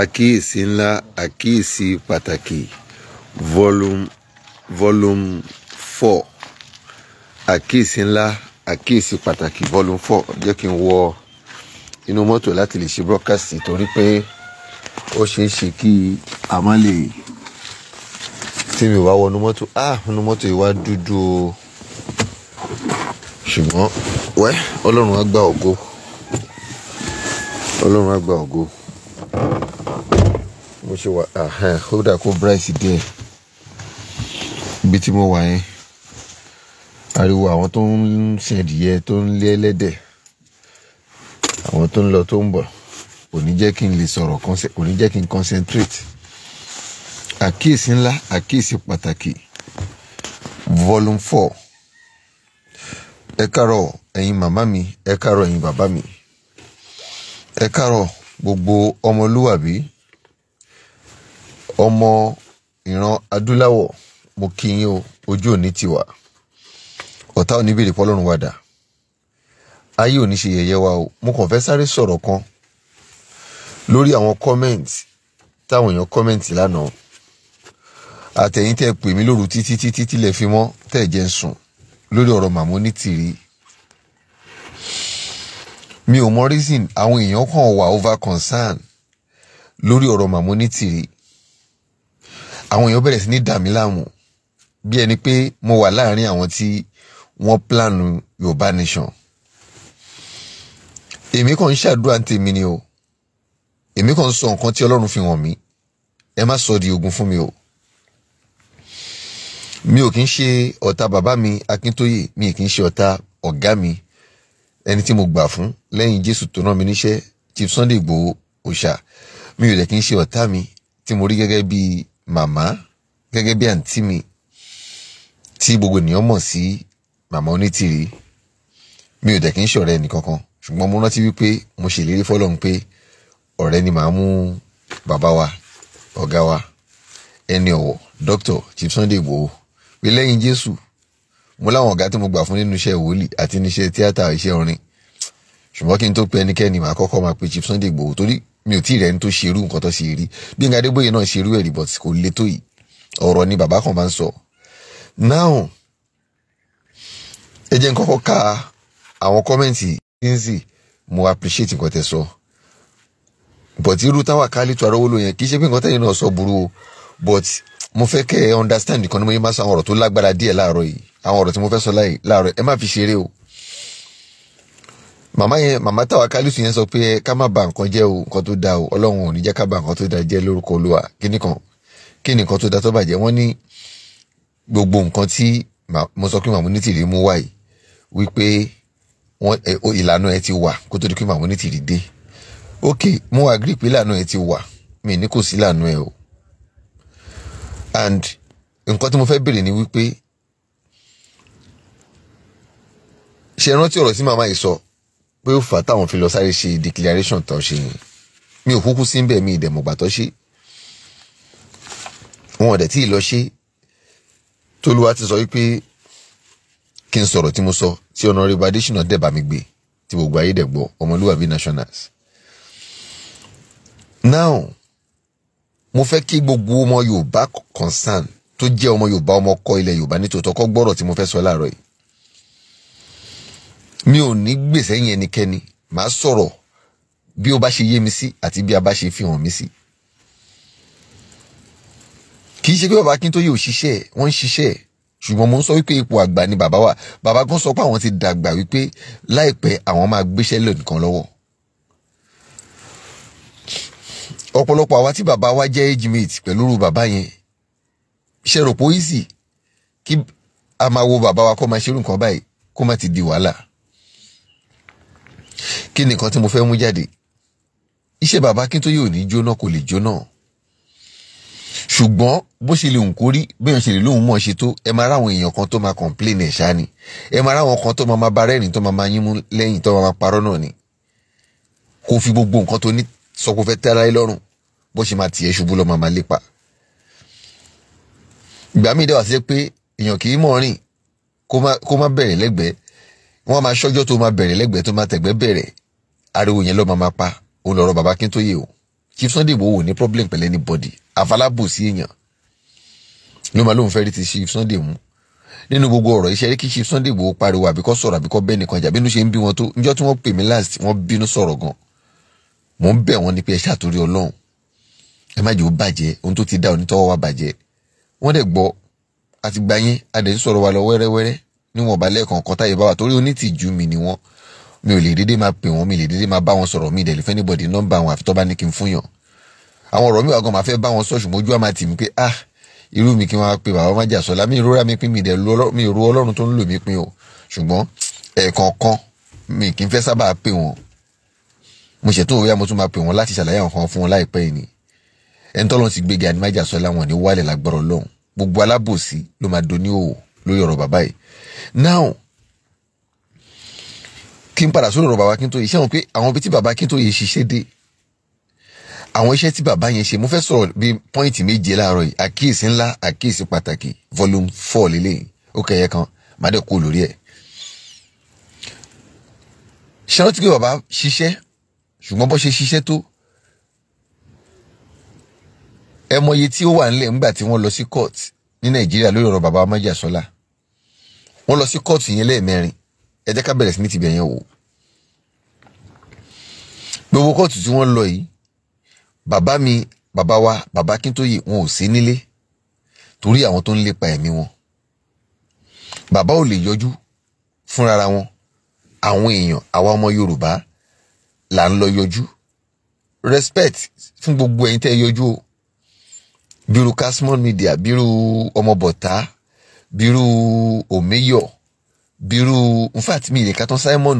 àkíyèsí ńlá àkíyèsí pàtàkì volume volume four àkíyèsí ńlá àkíyèsí pàtàkì volume four jẹ́ kí n wọ inú mọ́tò láti lè ṣe broadcast torí pé ó ṣeé ṣe kí a má lè tí mi wá wọnú mọ́tò ah inú mọ́tò yìí wá dúdú o ṣùgbọ́n wẹ́ ọlọ́run á gba ògo ọlọ́run á gba ògo mo ṣe wà ó dà kó bright díẹ̀ ibi tí mo wà yẹn ariwo àwọn tó ń ṣẹ̀díyẹ tó ń lé ẹlẹ́dẹ̀ àwọn tó ń lọ tó ń bọ̀ kò ní jẹ́ kí n lè sọ̀rọ̀ kò ní jẹ́ kí n concentrate àkíyèsí ńlá àkíyèsí pàtàkì volume four ẹ kárọ̀ ẹ̀yin màmá mi ẹ kárọ̀ ẹ̀yin bàbá mi ẹ kárọ̀ gbogbo ọmọlúwàbí ọmọ ìran adúláwọ̀ mo kí yín o ojú òní ti wà ọ̀tá òní bèrè pọ́lọ́run wa dà ayé òní ṣe yẹ̀yẹ́ wa o mo kàn fẹ́ sáré sọ̀rọ̀ kan lórí àwọn comment táwọn èèyàn comment lánàá àtẹ̀yìn tẹ́ pè mí lóru títí títí tílẹ̀ fi mọ́ tẹ́ jẹ́ ń sùn lórí ọ̀rọ̀ Màmá Onítìrí mi ò mọ reason àwọn èèyàn kàn wà over concern lórí ọ̀rọ̀ Màmá Onítìrí àwọn èèyàn bẹ̀rẹ̀ sí ní dà láàmú bí ẹni pé mo wà láàrin àwọn tí wọ́n plan Yorùbá nation èmi kàn ń ṣàdúrà tèmi ni o èmi kàn ń sọ nǹkan tí Ọlọ́run fi hàn mí ẹ má sọ di ogun fún mi o mi ò kì í ṣe ọ̀tá bàbá mi Akíntóyè mi kì í ṣe ọ̀tá ọ̀gá mi ẹni tí mo gbà fún lẹ́yìn jésù tó rán mi níṣẹ́ chief sunday igbòho òòṣà mi ò lè kí n ṣe ọ̀tá mi tí mo rí gẹ́gẹ́ bí màmá gẹ́gẹ́ bí àǹtí mi tí gbogbo ènìyàn mọ̀ sí màmá onítìrí mi ò dẹ̀ kí n ṣọ̀rẹ́ ẹnìkankan ṣùgbọ́n mo rántí wípé mo ṣèlérí fọlọ́run pé ọ̀rẹ́ ni màá mú bàbá wa ọ̀gá wa ẹni ọ̀wọ̀ dókítà chief sunday igbòho pé lẹ́yìn jésù mo láwọn ọ̀gá tí mo gbà fún nínú iṣẹ́ wòlíì àti níṣẹ́ tíátà iṣẹ́ orin ṣùgbọ́n kí n tó pe ẹnikẹ́ni màá kọ́kọ́ máa pe Chief Sunday Igboho torí mi ò tí ì rẹ̀ ní tó ṣerú nǹkan tó ṣe rí Gbénga Adébóyè náà ṣerú ẹ̀rí but kò le tó yìí ọ̀rọ̀ ni bàbá kan máa ń sọ. now ẹ jẹ́ n kọ́kọ́ ka àwọn kọ́mẹ̀ntì ṣíńsì mo appreciate nǹkan tẹ́ sọ but irú táwa kálí tó arówó ló yẹn kì í ṣe pé nǹkan tẹ́yìn náà sọ burú o but mo fẹ́ kẹ́ ẹ understand nìkan ni mo yẹ máa sọ àwọn ọ̀rọ̀ tó lágbára díẹ̀ láàárọ̀ yìí àwọn ọ̀rọ̀ tí mo fẹ́ sọ láàárọ̀ ẹ má fi ṣeré o màmá yẹn màmá táwa kálísù yẹn sọ pé ẹ ká má bà nǹkan jẹ́ o nǹkan tó da o ọlọ́run ò ní jẹ́ ká bà nǹkan tó da jẹ́ lórúkọ olúwa kíni kan kíni nǹkan tó da tó bàjẹ́ wọ́n ní gbogbo nǹkan tí mo sọ pé màmú nítìrí mú wáyé wípé ìlànà ẹ ti wà kó tó di pé màmú nítìrí dé ok mo agree pé ìlànà ẹ ti wà mi ní kò sí ìlànà ẹ o and nǹkan tí mo fẹ́ béèrè ni wípé ṣe rántí ọ̀rọ̀ tí màmá yìí sọ pé ó fà táwọn fi lọ sáré ṣe declaration tó ṣe yẹn mi ò kúkú sí ń bẹ̀ mi ìdẹ̀mọ̀gbà tó ṣe wọn ò tí ì lọ ṣe tolúwa ti sọ wípé kí n sọ̀rọ̀ tí mo sọ tí honorable adésínà dẹ̀ bá mi gbé tí gbogbo ayé dẹ̀ gbọ́ ọmọlúwàbí nationals now mo fẹ́ kí gbogbo ọmọ yorùbá concern tó jẹ́ ọmọ yorùbá ọmọ ọkọ ilẹ̀ yorùbá nítòótọ́ kó gbọ́rọ̀ tí mo fẹ́ sọ láàárọ̀ yìí mi ò ní gbèsè yẹn ẹnikẹ́ni màá sọ̀rọ̀ bí ó bá ṣe yé mi sí àti bí a bá ṣe fi hàn mí sí. kì í ṣe pé bàbá Akíntóyè ò ṣiṣẹ́ wọ́n ń ṣiṣẹ́ ṣùgbọ́n mo ń sọ wípé ipò àgbà ni bàbá wà bàbá gan sọ pé àwọn ti dàgbà wípé láìpẹ́ àwọn máa gbéṣẹ́ lẹ́nìkan lọ́wọ́ ọ̀pọ̀lọpọ̀ àwa tí bàbá wa jẹ́ age mate pẹ̀lú irú bàbá yẹn ṣe rò pé ó easy kí a máa wo bàbá wa kó máa ṣerú nǹkan báyìí kó má ti di wàhálà kí ni nǹkan tí mo fẹ́ mú jáde iṣẹ́ bàbá Akíntóyè ò ní jóná kò lè jóná ṣùgbọ́n bó ṣe lè hùn kó rí bẹ́ẹ̀ ṣe lè lóhùn mọ̀ ṣe tó ẹ máa ráwọn èèyàn kan tó máa complain ẹ̀ ṣáá ni ẹ máa ráwọn kan tó máa máa barẹ́ rìn tó máa máa yín mú lẹ́yìn tó máa máa parọ́ náà ni kó fi gbogbo nǹkan tó ní sọ pé ó fẹ́ tẹ́ra ẹ lọ́rùn bó ṣe máa tiẹ̀ ṣubú ló máa máa lépa ìgbà míì dẹ́wà sí pé èèyàn kì í mọ̀ rìn kó má bẹ̀rẹ̀ lẹ́gbẹ̀ẹ́ wọ́n máa ṣọ́jọ́ tó máa bẹ̀rẹ̀ lẹ́gbẹ̀ẹ́ tó máa tẹ̀gbẹ́ bẹ̀rẹ̀ ariwo yẹn ló máa pa òun lọ́rọ̀ bàbá Akíntóyè o Chief Sunday Igboho ní problem pẹ̀lú anybody àfalábòsí èèyàn ló máa lóun fẹ́ rí ti Chief Sunday mú nínú gbogbo ọ̀rọ̀ iṣẹ́ rí kí Chief Sunday Igboho pariwo àbíkọ́ sọ̀rọ̀ àbíkọ́ bẹ́ẹ̀ nìkan jà bínú ṣe ń bí wọn tó níjọ́ tí wọ́n pè mí last wọ́n bínú sọ̀rọ̀ gan mò ń bẹ̀ wọ́n ni pé ẹ ṣàtúrí Ọlọ́run ẹ má jẹ́ ó bàjẹ́ ohun tó ti dá onítọ́wọ́ wa bàjẹ́ wọ́n dẹ̀ gbọ́ àti gba yín a ń sọ̀rọ̀ wa lọ wẹ́rẹ́wẹ́rẹ́ níwọ̀n balẹ̀ kọ̀ọ̀kan táyé bá wà torí onítìjú mi ni wọ́n mi ò lè dédé máa pè wọ́n mi lè dédé máa bá wọn sọ̀rọ̀ mi ìdẹ̀lẹ́fẹ́ níbọ̀dì nọ́mbà wọn àfi tó bá ní kí n fún yàn àwọn ọ̀rọ̀ mi wà gan máa fẹ́ bá wọn sọ ṣùgbọ́n ojú àmà tì mí pé ah irú mi kí wọ́n á pe bàbá májà sọ́lá mi ìrora mi pín mi ìdẹ̀ mi ìró ọlọ́run tó ń lò mí pín o ṣùgbọ́n ẹ̀ẹ̀kọ̀ọ̀kan mi kì í fẹ́ sábà pè wọ́n mo ṣètò òwe àmọ́tún máa pè wọ́n láti ṣàlàyé àwọn fún wọn láìpẹ́ yìí ẹni tọ́lọ́run sì gbéga ní májà sọ láwọn ní wálẹ̀ lágbọ́rọ̀ lọ́hùn gbogbo alábòsí ló máa doní òwò lórí ọ̀rọ̀ bàbá yìí now kí n padà sórí ọ̀rọ̀ bàbá Akíntóyè iṣẹ́ wọn pé àwọn ibi tí bàbá Akíntóyè ṣiṣẹ́ dé àwọn iṣẹ́ tí bàbá yẹn ṣe mo fẹ́ sọ̀rọ̀ bíi pọ́ìntì méje láàárọ̀ yìí àkíyèsí ńlá àkíyèsí pàtàkì volume four lélẹ́yìn ó kẹ́yẹ kan má dẹ̀ kú lórí ẹ̀. ṣé wọ́n ti gbé bàbá ṣiṣẹ́ ṣùgbọ́n bó ṣe ṣiṣẹ́ tó ẹ mọye tí ó wà nílẹ̀ ńgbà tí wọ́n lọ sí court ní nàìjíríà lórí ọ̀rọ̀ bàbá májàsọ́lá wọ́n lọ sí court yẹn lẹ́ẹ̀mẹrin ẹ jẹ́ ká bẹ̀rẹ̀ sí ní tibẹ̀ yẹn wò gbogbo court tí wọ́n lọ yìí bàbá mi bàbá wa bàbá kíntóyè wọn ò sí nílé torí àwọn tó ń lépa ẹ̀mí wọn bàbá ò lè yọjú fúnra wọn àwọn èèyàn àwa ọmọ yorùbá là ń lọ yọjú respect fún gbogbo ẹ̀yin tẹ́ yọjú o bírú Kasmon Media bírú ọmọbọ̀tá biru omeyo biru nfact mi ìdíkà tán Simon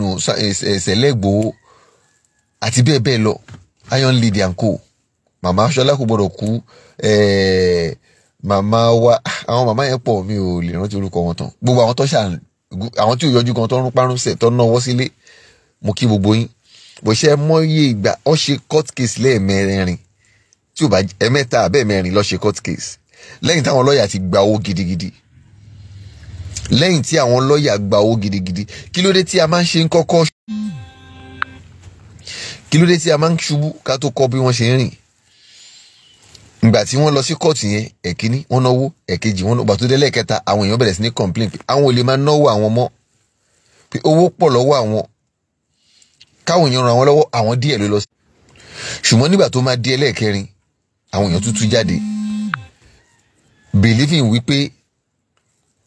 ṣẹlẹ́gbò eh, eh, àti bẹ́ẹ̀ bẹ́ẹ̀ lọ iron lady and co màmá aṣọlá kò gbọdọ̀ kú eh, màmá wa àwọn màmá yẹn pọ̀ mi ò lè rántí orúkọ wọn tán gbogbo àwọn tó ṣà àwọn tí ò yọjú gan tó ń parun sẹ̀ tó ń náwó sílé mo kí gbogbo yín bó ṣe mọ́yé ìgbà ó ṣe court case lẹ́ẹ̀mẹrin tí ò bá ẹ̀mẹ́ta àbẹ́ẹ̀mẹ́rin lọ ṣe court case lẹ́yìn táwọn lọ́ọ̀yà ti gba owó gidigidi lẹ́yìn tí àwọn lọ́ọ̀yà gba owó gidigidi kí ló dé tí a máa ń ṣe ń kọ́kọ́ kí ló dé tí a máa ń ṣubú ká tó kọ́ bí wọ́n ṣe ń rìn ìgbà tí wọ́n lọ sí kóòtù yẹn ẹ̀kíní wọ́n náwó ẹ̀kejì wọ́n gbà tó dé lẹ́ẹ̀kẹta àwọn èèyàn bẹ̀rẹ̀ sí ní complain pé àwọn ò lè máa náwó àwọn mọ́ pé owó pọ̀ lọ́wọ́ àwọn káwọn èèyàn ràn wọ́n lọ́wọ́ àwọn díẹ̀ ló lọ sí. ṣùgbọ́n nígbà tó máa di ẹlẹ́ẹ̀kẹrin àwọn èèyàn tuntun jáde believing wípé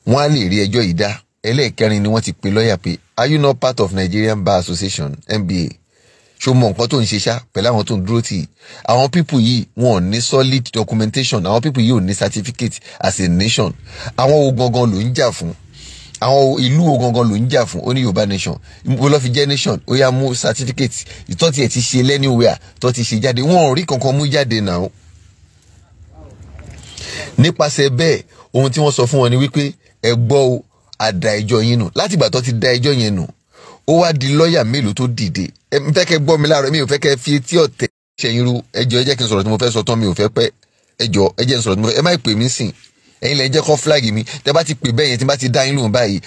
wọ́n á lè rí ẹjọ́ yìí dá ẹlẹ́ẹ̀kẹrin ni wọ́n ti pe lọ́ọ̀yà pé are you not part of Nigerian Bar Association NBA ṣó mọ nǹkan tó ń ṣe ṣá pẹ̀lú àwọn tó ń dúró tì í àwọn pípù yìí wọn ò ní solid documentation àwọn pípù yìí ò ní certificate as a nation àwọn wo gangan ló ń jà fún àwọn ìlú wo gangan ló ń jà fún ó ní Yorùbá nation mo lọ́ fi jẹ́ nation ó yá mú certificate ìtọ́tì ẹ̀ ti ṣe lẹ́niwẹ̀ẹ́ tó ti ṣe jáde wọn ò rí kankan mú jáde náà nípasẹ̀ bẹ́ẹ̀ ohun tí wọ́n sọ fún wọn ni wípé ẹ gbọ́ o àdá ẹjọ́ yín nù láti ìgbà tó ti dá ẹjọ́ yẹn nù ó wá di lọ́ọ̀yà mélòó tó dìde ẹ ń fẹ́ kẹ́ gbọ́ mi láàárọ̀ mi ò fẹ́ kẹ́ fi etí ọ̀tẹ̀ ṣẹ̀yìn ru ẹjọ́ ẹ jẹ́ kí n sọ̀rọ̀ tí mo fẹ́ sọ tán mi ò fẹ́ pẹ́ ẹjọ́ ẹ jẹ́ n sọ̀rọ̀ tí mo fẹ́ ẹ má pè mí sìn ẹ̀yin lẹ jẹ́ kọ́ flag mi tẹ́ bá ti pè bẹ́ẹ̀ yẹn tí n bá ti dá yín báyìí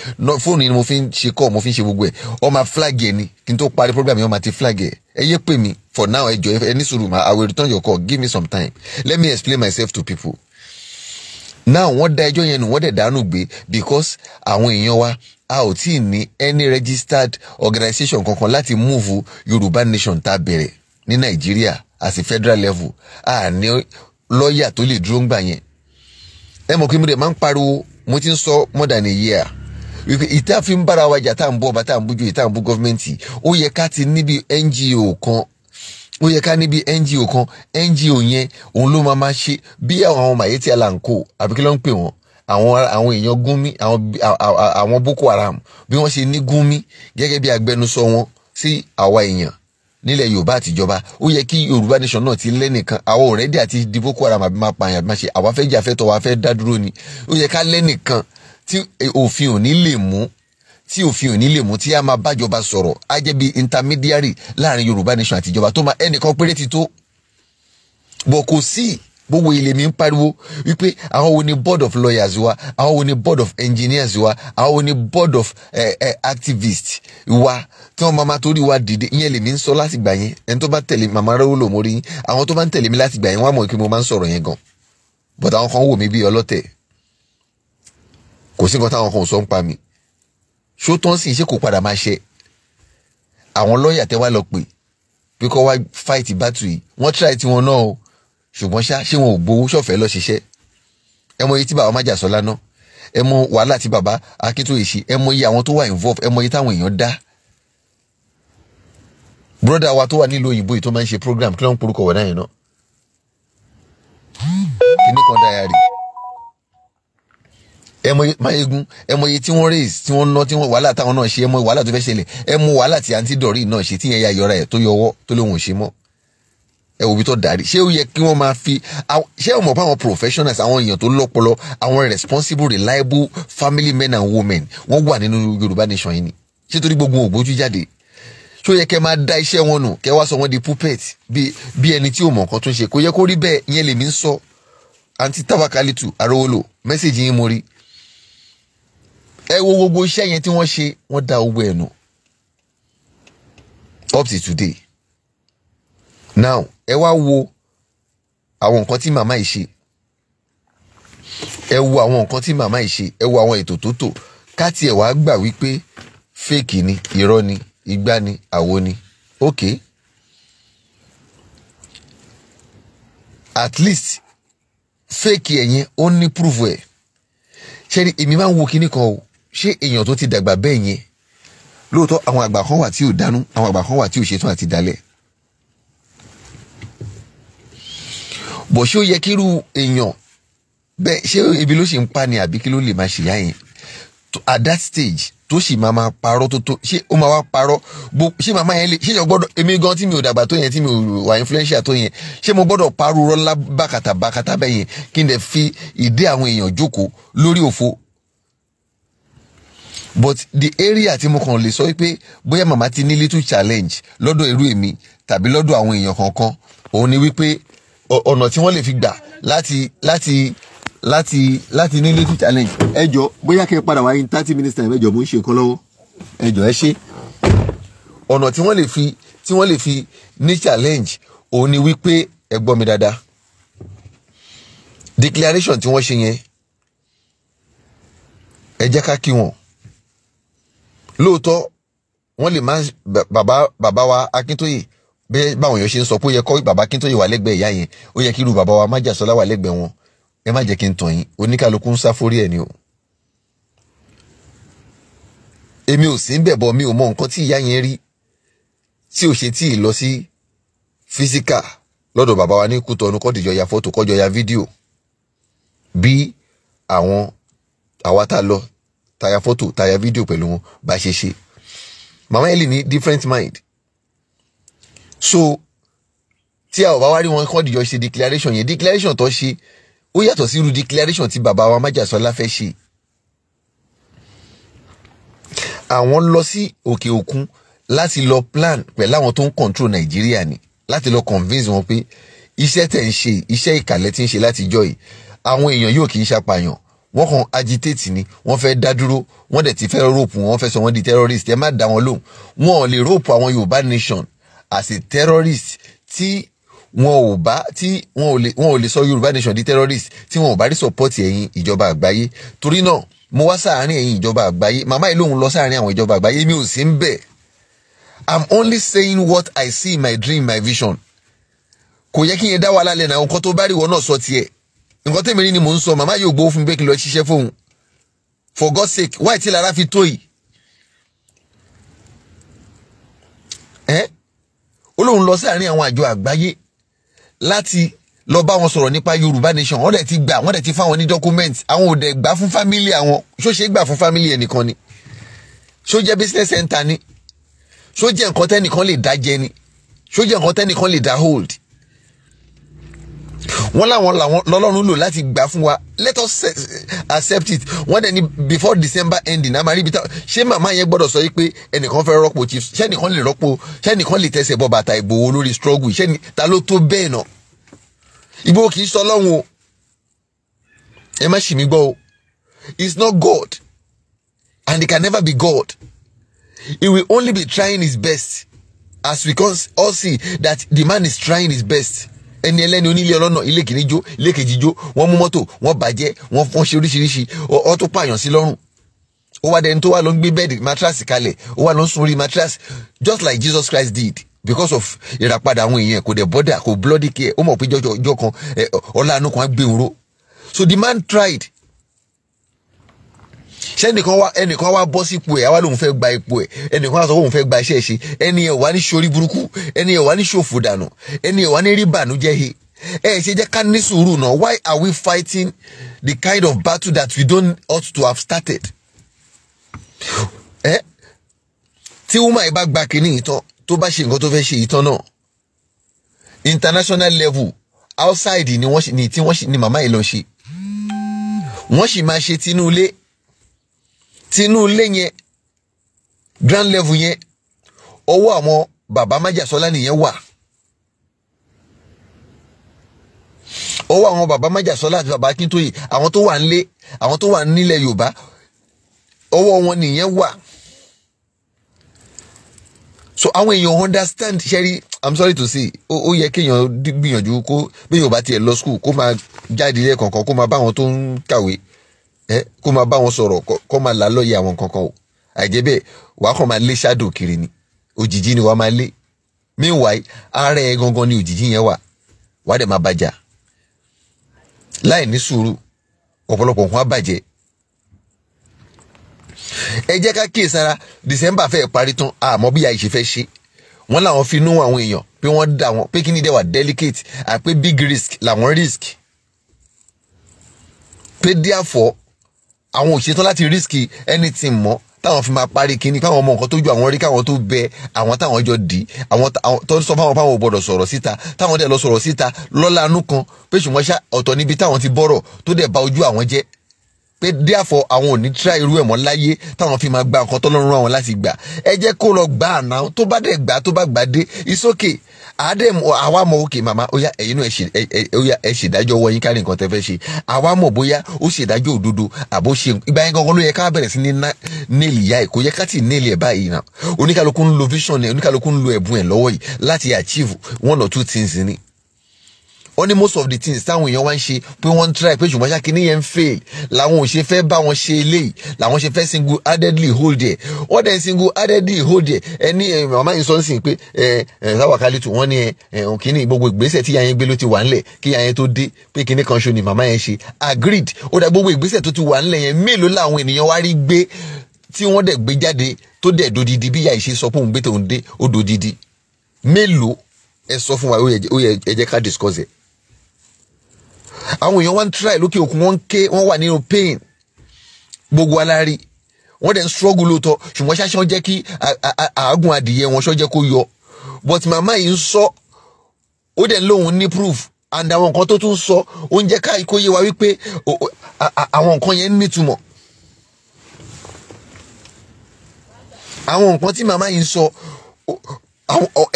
fóònù ni mo fi ń ṣe kọ́ mo fi ń ṣe gbogbo ẹ̀ ọ máa flag ẹ ni kí n tó parí program yẹn ọ máa ti flag ẹ ẹ yé pè mí for now ẹ jọ ẹ ní sùúrù ma I will return your call give me some time let me explain myself to people now wọ́n dá ẹjọ́ yẹn nù wọ́n dẹ̀ dánù gbé because àwọn èèyàn wa a ò tí ì ní any registered organisation kankan láti move yorùbá nation tá a bẹ̀rẹ̀ ní nàìjíríà àti federal level a ní lọ́ọ̀yà tó lè dúró ń gbà yẹn ẹ mọ̀ pé mo dẹ̀ máa ń pariwo mo ti ń sọ more than a year wípé ìta fi ń bára wa jà tá à ń bú ọba tá à ń bú ju bú gọ́fíńmẹ́ǹtì ó yẹ ká ti níbi NGO kan ó yẹ ká níbi ngo kan ngo yẹn òun ló máa máa ṣe bí àwọn mayete alanko àbí kí ló ń pè wọn àwọn àwọn èèyàn gúnmi àwọn àwọn boko haram bí wọ́n ṣe ní gúnmi gẹ́gẹ́ bí agbẹnusọ wọn sí àwa èèyàn nílẹ̀ yorùbá àtijọba ó yẹ kí yorùbá nation náà ti lẹ́nìkan àwọn ọ̀rẹ́dì àti di boko haram àbí máa pààyàn àbí máa ṣe àwa fẹ́ jà fẹ́ wa fẹ́ dá dúró ni ó yẹ ká lẹ́nìkan tí òfin ò ní lè mú tí òfin ò ní lè mú tí a máa bájọba sọ̀rọ̀ á jẹ́ bí intermediary láàrin Yorùbá nation àti ìjọba tó máa ẹnìkan péré ti tó bọ̀ kò sí gbogbo ilé mi ń pariwo wípé àwọn wo ni board of lawyers wa àwọn wo ni board of engineers wa àwọn wo ni board of eh, eh, activists wa tí wọn máa ma torí wa dìde ìyẹn lèmi ń sọ láti gbà yẹn ẹni tó bá tẹ̀lé màmá rẹ́wó lò mórí yín àwọn tó bá ń tẹ̀lé mi láti gbà yẹn wọn á mọ̀ pé mo máa ń sọ̀rọ̀ yẹn gan but àwọn kan wò mí bí ọlọ́tẹ̀ kò sí nǹkan táwọn kan sọ ń pa mi ṣó tó ń sìn ṣé kò padà máa ṣe àwọn lọ́ọ̀yà tẹ́ wá lọ pè pé kọ́ wá fight battle yìí wọ́n try tiwọn náà o ṣùgbọ́n ṣá ṣé wọn ò gbowó ṣọ̀fẹ́ lọ ṣiṣẹ́ ẹ mọ iye tí bàbá Májàsọ́lá ná ẹ mọ wàhálà tí bàbá Akíntóyè ṣe ẹ mọ iye àwọn tó wà involve ẹ mọ iye táwọn èèyàn dá broda wa tó wà nílùú òyìnbó yìí tó máa ń ṣe program kí ló ń porúkọ wọ̀ náà yẹn náà kíní kan dáyà rèé ẹ mọ mayegun ẹ mọ iye tí wọ́n raise tí wọ́n ná tí wọ́n wàhálà táwọn náà ṣe ẹ wàhálà tó fẹ́ ṣẹlẹ̀ ẹ wàhálà tí àǹtí dọ̀rí náà ṣe tí yẹn ya yọra ẹ̀ tó yọwọ́ tó lóun ò ṣe mọ́ ẹ wò bí tó darí ṣé ó yẹ kí wọ́n máa fi ṣé ọmọ pa àwọn professionals àwọn èèyàn tó lọ́pọlọ àwọn responsible reliable family men and women wọ́n wà nínú Yorùbá nation yìí ni ṣé torí gbogbo ògbójú jáde ṣó yẹ kẹ́ máa da iṣẹ́ wọn nù kẹ́ wá sọ wọ́n di puppet bí ẹni tí ò mọ̀ nǹkan tó ń ṣe kó yẹ kó rí bẹ́ẹ̀ ìyẹn lèmi ń sọ àǹtí Tábàkálítù Arówólò mẹ́sẹ̀jì yín mo rí ẹ wo gbogbo iṣẹ́ yẹn tí wọ́n ṣe wọ́n da owó ẹ̀ nù up to today now ẹ wá wo àwọn nǹkan tí màmá yìí ṣe ẹ wo àwọn nǹkan tí màmá yìí ṣe ẹ wo àwọn ètò tó tò ká tiẹ̀ wá gbà wípé fake ni irọ́ ni igbá ni àwo ni ok at least fake ẹ̀yẹn ó ní proof ẹ̀ ṣé èmi máa ń wo kinní kan o ṣé èèyàn tó ti dàgbà bẹ́ẹ̀ yẹn lóòótọ́ àwọn àgbà kan wà tí ò dánú àwọn àgbà kan wà tí ò ṣetán àti dalẹ̀ bọ̀ ṣé ó yẹ kírú èèyàn bẹ́ẹ̀ ṣé ibi ló ṣe ń pa ni àbí kí ló lè máa ṣèyá yẹn at that stage tó sì máa máa parọ́ tó tó ṣé ó máa wá parọ́ bó ṣé màmá yẹn lè ṣé yẹn gbọ́dọ̀ èmi gan tí mi ò dàgbà tó yẹn tí mi ò wà influential tó yẹn ṣé mo gbọ́dọ̀ parọ́ rọ́lá bàkàtà bàkàtà bẹ́ẹ̀ kí n dẹ̀ fi ìdí àwọn èèyàn jókòó lórí òfo but the area tí mo kàn lè sọ pé bóyá màmá ti ní little challenge lọ́dọ̀ irú èmi tàbí lọ́dọ̀ àwọn èèyàn kankan òun ni wípé ọ̀nà tí wọ́n lè fi gbà lati, lati, láti láti ní little challenge ẹ jọ bóyá kẹ́ ẹ padà wáyé thirty minutes time ẹ jọ mo ń ṣe nǹkan lọ́wọ́ ẹ jọ ẹ ṣe ọ̀nà tí wọ́n lè fi tí wọ́n lè fi ní challenge òun ni wípé ẹ mi dáadáa declaration tí wọ́n ṣe yẹn ẹ jẹ́ ká kí wọn lóòótọ́ wọ́n lè máa bàbá bàbá wa Akíntóyè bẹ́ẹ̀ báwọn èèyàn ṣe ń sọ pé ó yẹ kọ́ bàbá Akíntóyè wà lẹ́gbẹ̀ẹ́ ìyá yẹn ó yẹ kí irú bàbá wa Májàsọ́lá wà lẹ́gbẹ̀ẹ́ wọn ẹ má jẹ́ kí n tàn yín oníkálukú ń sá fórí ẹ̀ ni o. èmi ò sí ń bẹ̀bọ̀ mi ò mọ nǹkan tí ìyá yẹn rí tí ò ṣe tí ì lọ sí físíkà lọ́dọ̀ bàbá wa ní Kútọ́nù kọ́dìjọ ya fọ́tò kọ́jọ ya fídíò bí àwọn àwa tá a lọ taya photo, taya video pẹ̀lú wọn bá ṣe ṣe mama Ellie ní different mind so tí a ò bá wá rí wọn kọ́ dìjọ ṣe declaration yẹn declaration tó ṣe ó yàtọ̀ sí irú declaration tí bàbá wa májàsọ́lá fẹ́ ṣe àwọn lọ sí òkè òkun láti lọ plan pẹ̀lú àwọn tó ń control nàìjíríà ni láti lọ convince wọn pé iṣẹ́ tẹ̀ ń ṣe iṣẹ́ ìkàlẹ̀ tí ń ṣe látijọ́ yìí àwọn èèyàn yóò kì í ṣàpàyàn wọ́n kàn agitate ni wọ́n fẹ́ dá dúró wọ́n dẹ̀ ti fẹ́ rope wọ́n fẹ́ sọ wọ́n di terrorist ẹ má dá wọn lóhùn wọn lè rope àwọn yorùbá nation as a terrorist tí wọn ò bá tí wọn ò lè wọn ò lè sọ yorùbá nation di terrorist tí wọn ò bá rí support ẹ̀yin ìjọba àgbáyé torí náà mo wá sáàárín ẹ̀yin ìjọba àgbáyé màmá yìí lòun lọ sáàárín àwọn ìjọba àgbáyé mi ò sí ń bẹ̀ i'm only saying what i see in my dream my vision kò yẹ kí n yẹn dá wàhálà lẹ́nu àwọn kan tó bá rí wọn náà sọ tiẹ̀ nǹkan tèmi ni mò ń sọ màmá yóò gbowó fún mi pé kí n lọ ṣiṣẹ́ fóun for God sake why tí lára fi tó yìí ẹ ó lóun lọ sí àárín àwọn àjọ àgbáyé láti lọ bá wọn sọ̀rọ̀ nípa Yorùbá nation wọ́n dẹ̀ ti gbà wọ́n dẹ̀ ti fáwọn ní document àwọn ò dẹ̀ gbà fún family àwọn ṣó ṣe gbà fún family ẹnìkan ni ṣó jẹ́ business center ni ṣó jẹ́ nǹkan tẹ́nìkan lè dá jẹ ni ṣó jẹ́ nǹkan tẹ́nìkan lè dá hold wọ́n làwọn làwọn lọ́lọ́run lò láti gbà fún wa let us accept it wọ́n dẹ̀ before december ending àmàrí ibi táwọn ṣé màmá yẹn gbọ́dọ̀ sọ pé ẹnìkan fẹ́ rọ́pò chiefs ṣé ẹnìkan lè rọ́pò ṣé ẹnìkan lè tẹsẹ̀ bọ bàtà ìgbòho lórí struggle ṣé ẹni ta ló tó bẹ́ẹ̀ nà ìgbòho kì í sọ ọlọ́run o ẹ má ṣì mí gbọ́ o it's not god and it can never be god he will only be trying his best as we all see that the man is trying his best ẹni ẹlẹ́ni onílé ọlọ́nà ilé kìíní jó ilé kejì jó wọ́n mú mọ́tò wọ́n bàjẹ́ wọ́n fọ́n ṣe oríṣiríṣi ó tún pààyàn sí lọ́rùn ó wá dẹni tó wá lọ ń gbé bẹ́ẹ̀dì mattress kalẹ̀ ó wá lọ ń sun orí mattress just like Jesus Christ did because of ìràpadà àwọn èèyàn kò dẹ̀ bọ́dà kò bloody care ó mọ̀ pé jọjọ kan ọ̀la àánú kan gbé òró so the man tried ṣé ẹnìkan ẹnìkan wá bọ́ sípò ẹ̀ àwa lòun fẹ́ gba ipò ẹ̀ ẹnìkan wá sọ fóun fẹ́ gba iṣẹ́ ṣe ẹni ẹ̀ wá ní sori burúkú ẹni ẹ̀ wá ní ṣòfò dànù ẹni ẹ̀ wá ní rí bànújẹ́ he ẹ̀ ṣe jẹ́ ká ní sùúrù náà why are we fighting the kind of battle that we don't ought to have started? ẹ tí wúmọ̀ ẹ̀ bá gba kínní ìtàn tó bá ṣe nǹkan tó fẹ́ ṣe ìtàn náà international level outside ni wọ́n ni tí wọ́n ni màmá yìí lọ ṣe wọ́n sì máa ṣe tinú tinú ilé yẹn grand level yẹn ọwọ́ àwọn bàbá májàsọ́lá nìyẹn wà ọwọ́ àwọn bàbá májàsọ́lá àti bàbá akíntóyè àwọn tó wà nílé àwọn tó wà nílẹ̀ yorùbá ọwọ́ wọn nìyẹn wà so àwọn èèyàn understand ṣẹ́rí i'm sorry to say ó ó yẹ kéèyàn gbìyànjú kó bí yorùbá tiẹ̀ lọ school kó máa jáde lẹ́ẹ̀kọ̀ọ̀kan kó máa bá àwọn tó ń kàwé ẹ eh, kó máa bá wọn sọ̀rọ̀ kó máa là lọ́yẹ̀ àwọn kankan o àìjẹ́ bẹ́ẹ̀ wàá kàn máa lé ṣáàdù kiri ni òjìji ni wàá máa lé meanwhile ara ẹ gangan ni òjìji yẹn wà wàá dẹ̀ máa bàjá láì ní sùúrù ọ̀pọ̀lọpọ̀ nǹkan á bàjẹ́ ẹ jẹ́ ká kíyè december fẹ́ẹ́ parí tán àmọ́ bí àìṣe fẹ́ ṣe wọ́n làwọn fi nú àwọn èèyàn pé wọ́n dà wọ́n pé kí ni dẹ̀ delicate àpé big risk làwọn risk pé díàfọ́ àwọn ò ṣetán láti risk anything mọ́ táwọn fi máa parí kínní káwọn ọmọ nǹkan tó ju àwọn rí káwọn tó bẹ àwọn táwọn jọ dì àwọn tó sọ fáwọn fáwọn ò gbọdọ̀ sọ̀rọ̀ síta táwọn dẹ̀ lọ sọ̀rọ̀ síta lọ́lanú kan pé ṣùgbọ́n ṣá ọ̀tọ̀ níbi táwọn ti bọ́rọ̀ tó dẹ̀ bà ojú àwọn jẹ́ pé díàfọ̀ àwọn ò ní tíra irú ẹ̀ mọ́ láyé táwọn fi máa gba nǹkan tọ́lọ́run àwọn láti gbà ẹ jẹ́ kó lọ gbà àná tó bá dẹ̀ gbà tó bá gbà dé it's okay àádẹ́ àwa mọ̀ òkè màmá ó yá ẹ̀yin náà ẹ ṣèdájọ́ wọ̀nyí kárí nǹkan tẹ́ fẹ́ ṣe àwa mọ̀ bóyá ó ṣèdájọ́ òdodo àbó ṣe ìgbà yẹn gangan ló yẹ ká bẹ̀rẹ̀ sí ní nail ya ẹ̀ kó yẹ ká tì nail ẹ̀ báyìí náà oníkálukú ń lo vision ẹ̀ oníkálukú ń lo ẹ̀bùn ẹ̀ lọ́wọ́ yìí láti achieve one or two things ni Only most of the things táwọn èèyàn wá ń ṣe pé wọ́n ń try pé ṣùgbọ́n ṣáà kí nìyẹn ń fail làwọn ò ṣe fẹ́ bá wọn ṣe eléyìí làwọn ṣe fẹ́ single handedly hold ẹ̀ wọ́n dẹ̀ single handedly hold ẹ̀ ẹni màmá yìí sọ nísìnyí pé ẹ ẹ sáwà kálítù wọ́n ní ẹ ẹ kíní gbogbo ìgbésẹ̀ tí yàyẹn gbé ló ti wà ńlẹ̀ kí yàyẹn tó dé pé kíní kan ṣo ni màmá yẹn ṣe agreed ó dà gbogbo ìgbésẹ̀ tó ti wà ńlẹ̀ yẹn mélòó làwọn ènìyàn wá rí gbé tí wọ́n dẹ̀ gbé jáde tó dẹ̀ dodidi bí ẹ sọ fún wa ẹ jẹ́ ká discuss ẹ àwọn èèyàn wọn ń try lókè òkun wọn ń ké wọn wà nínú pain gbogbo alárí wọn dẹ̀ ń struggle lóòótọ́ ṣùgbọ́n ṣáṣán jẹ́ kí àágùn adìyẹ wọn ṣọ́ jẹ́ kó yọ but màmá yìí ń sọ ó dẹ̀ lóun ní proof and àwọn nǹkan tó tún sọ ó ń jẹ́ káyìí kó yé wa wípé àwọn nǹkan yẹn ń nítumọ̀. àwọn nǹkan tí màmá yìí ń sọ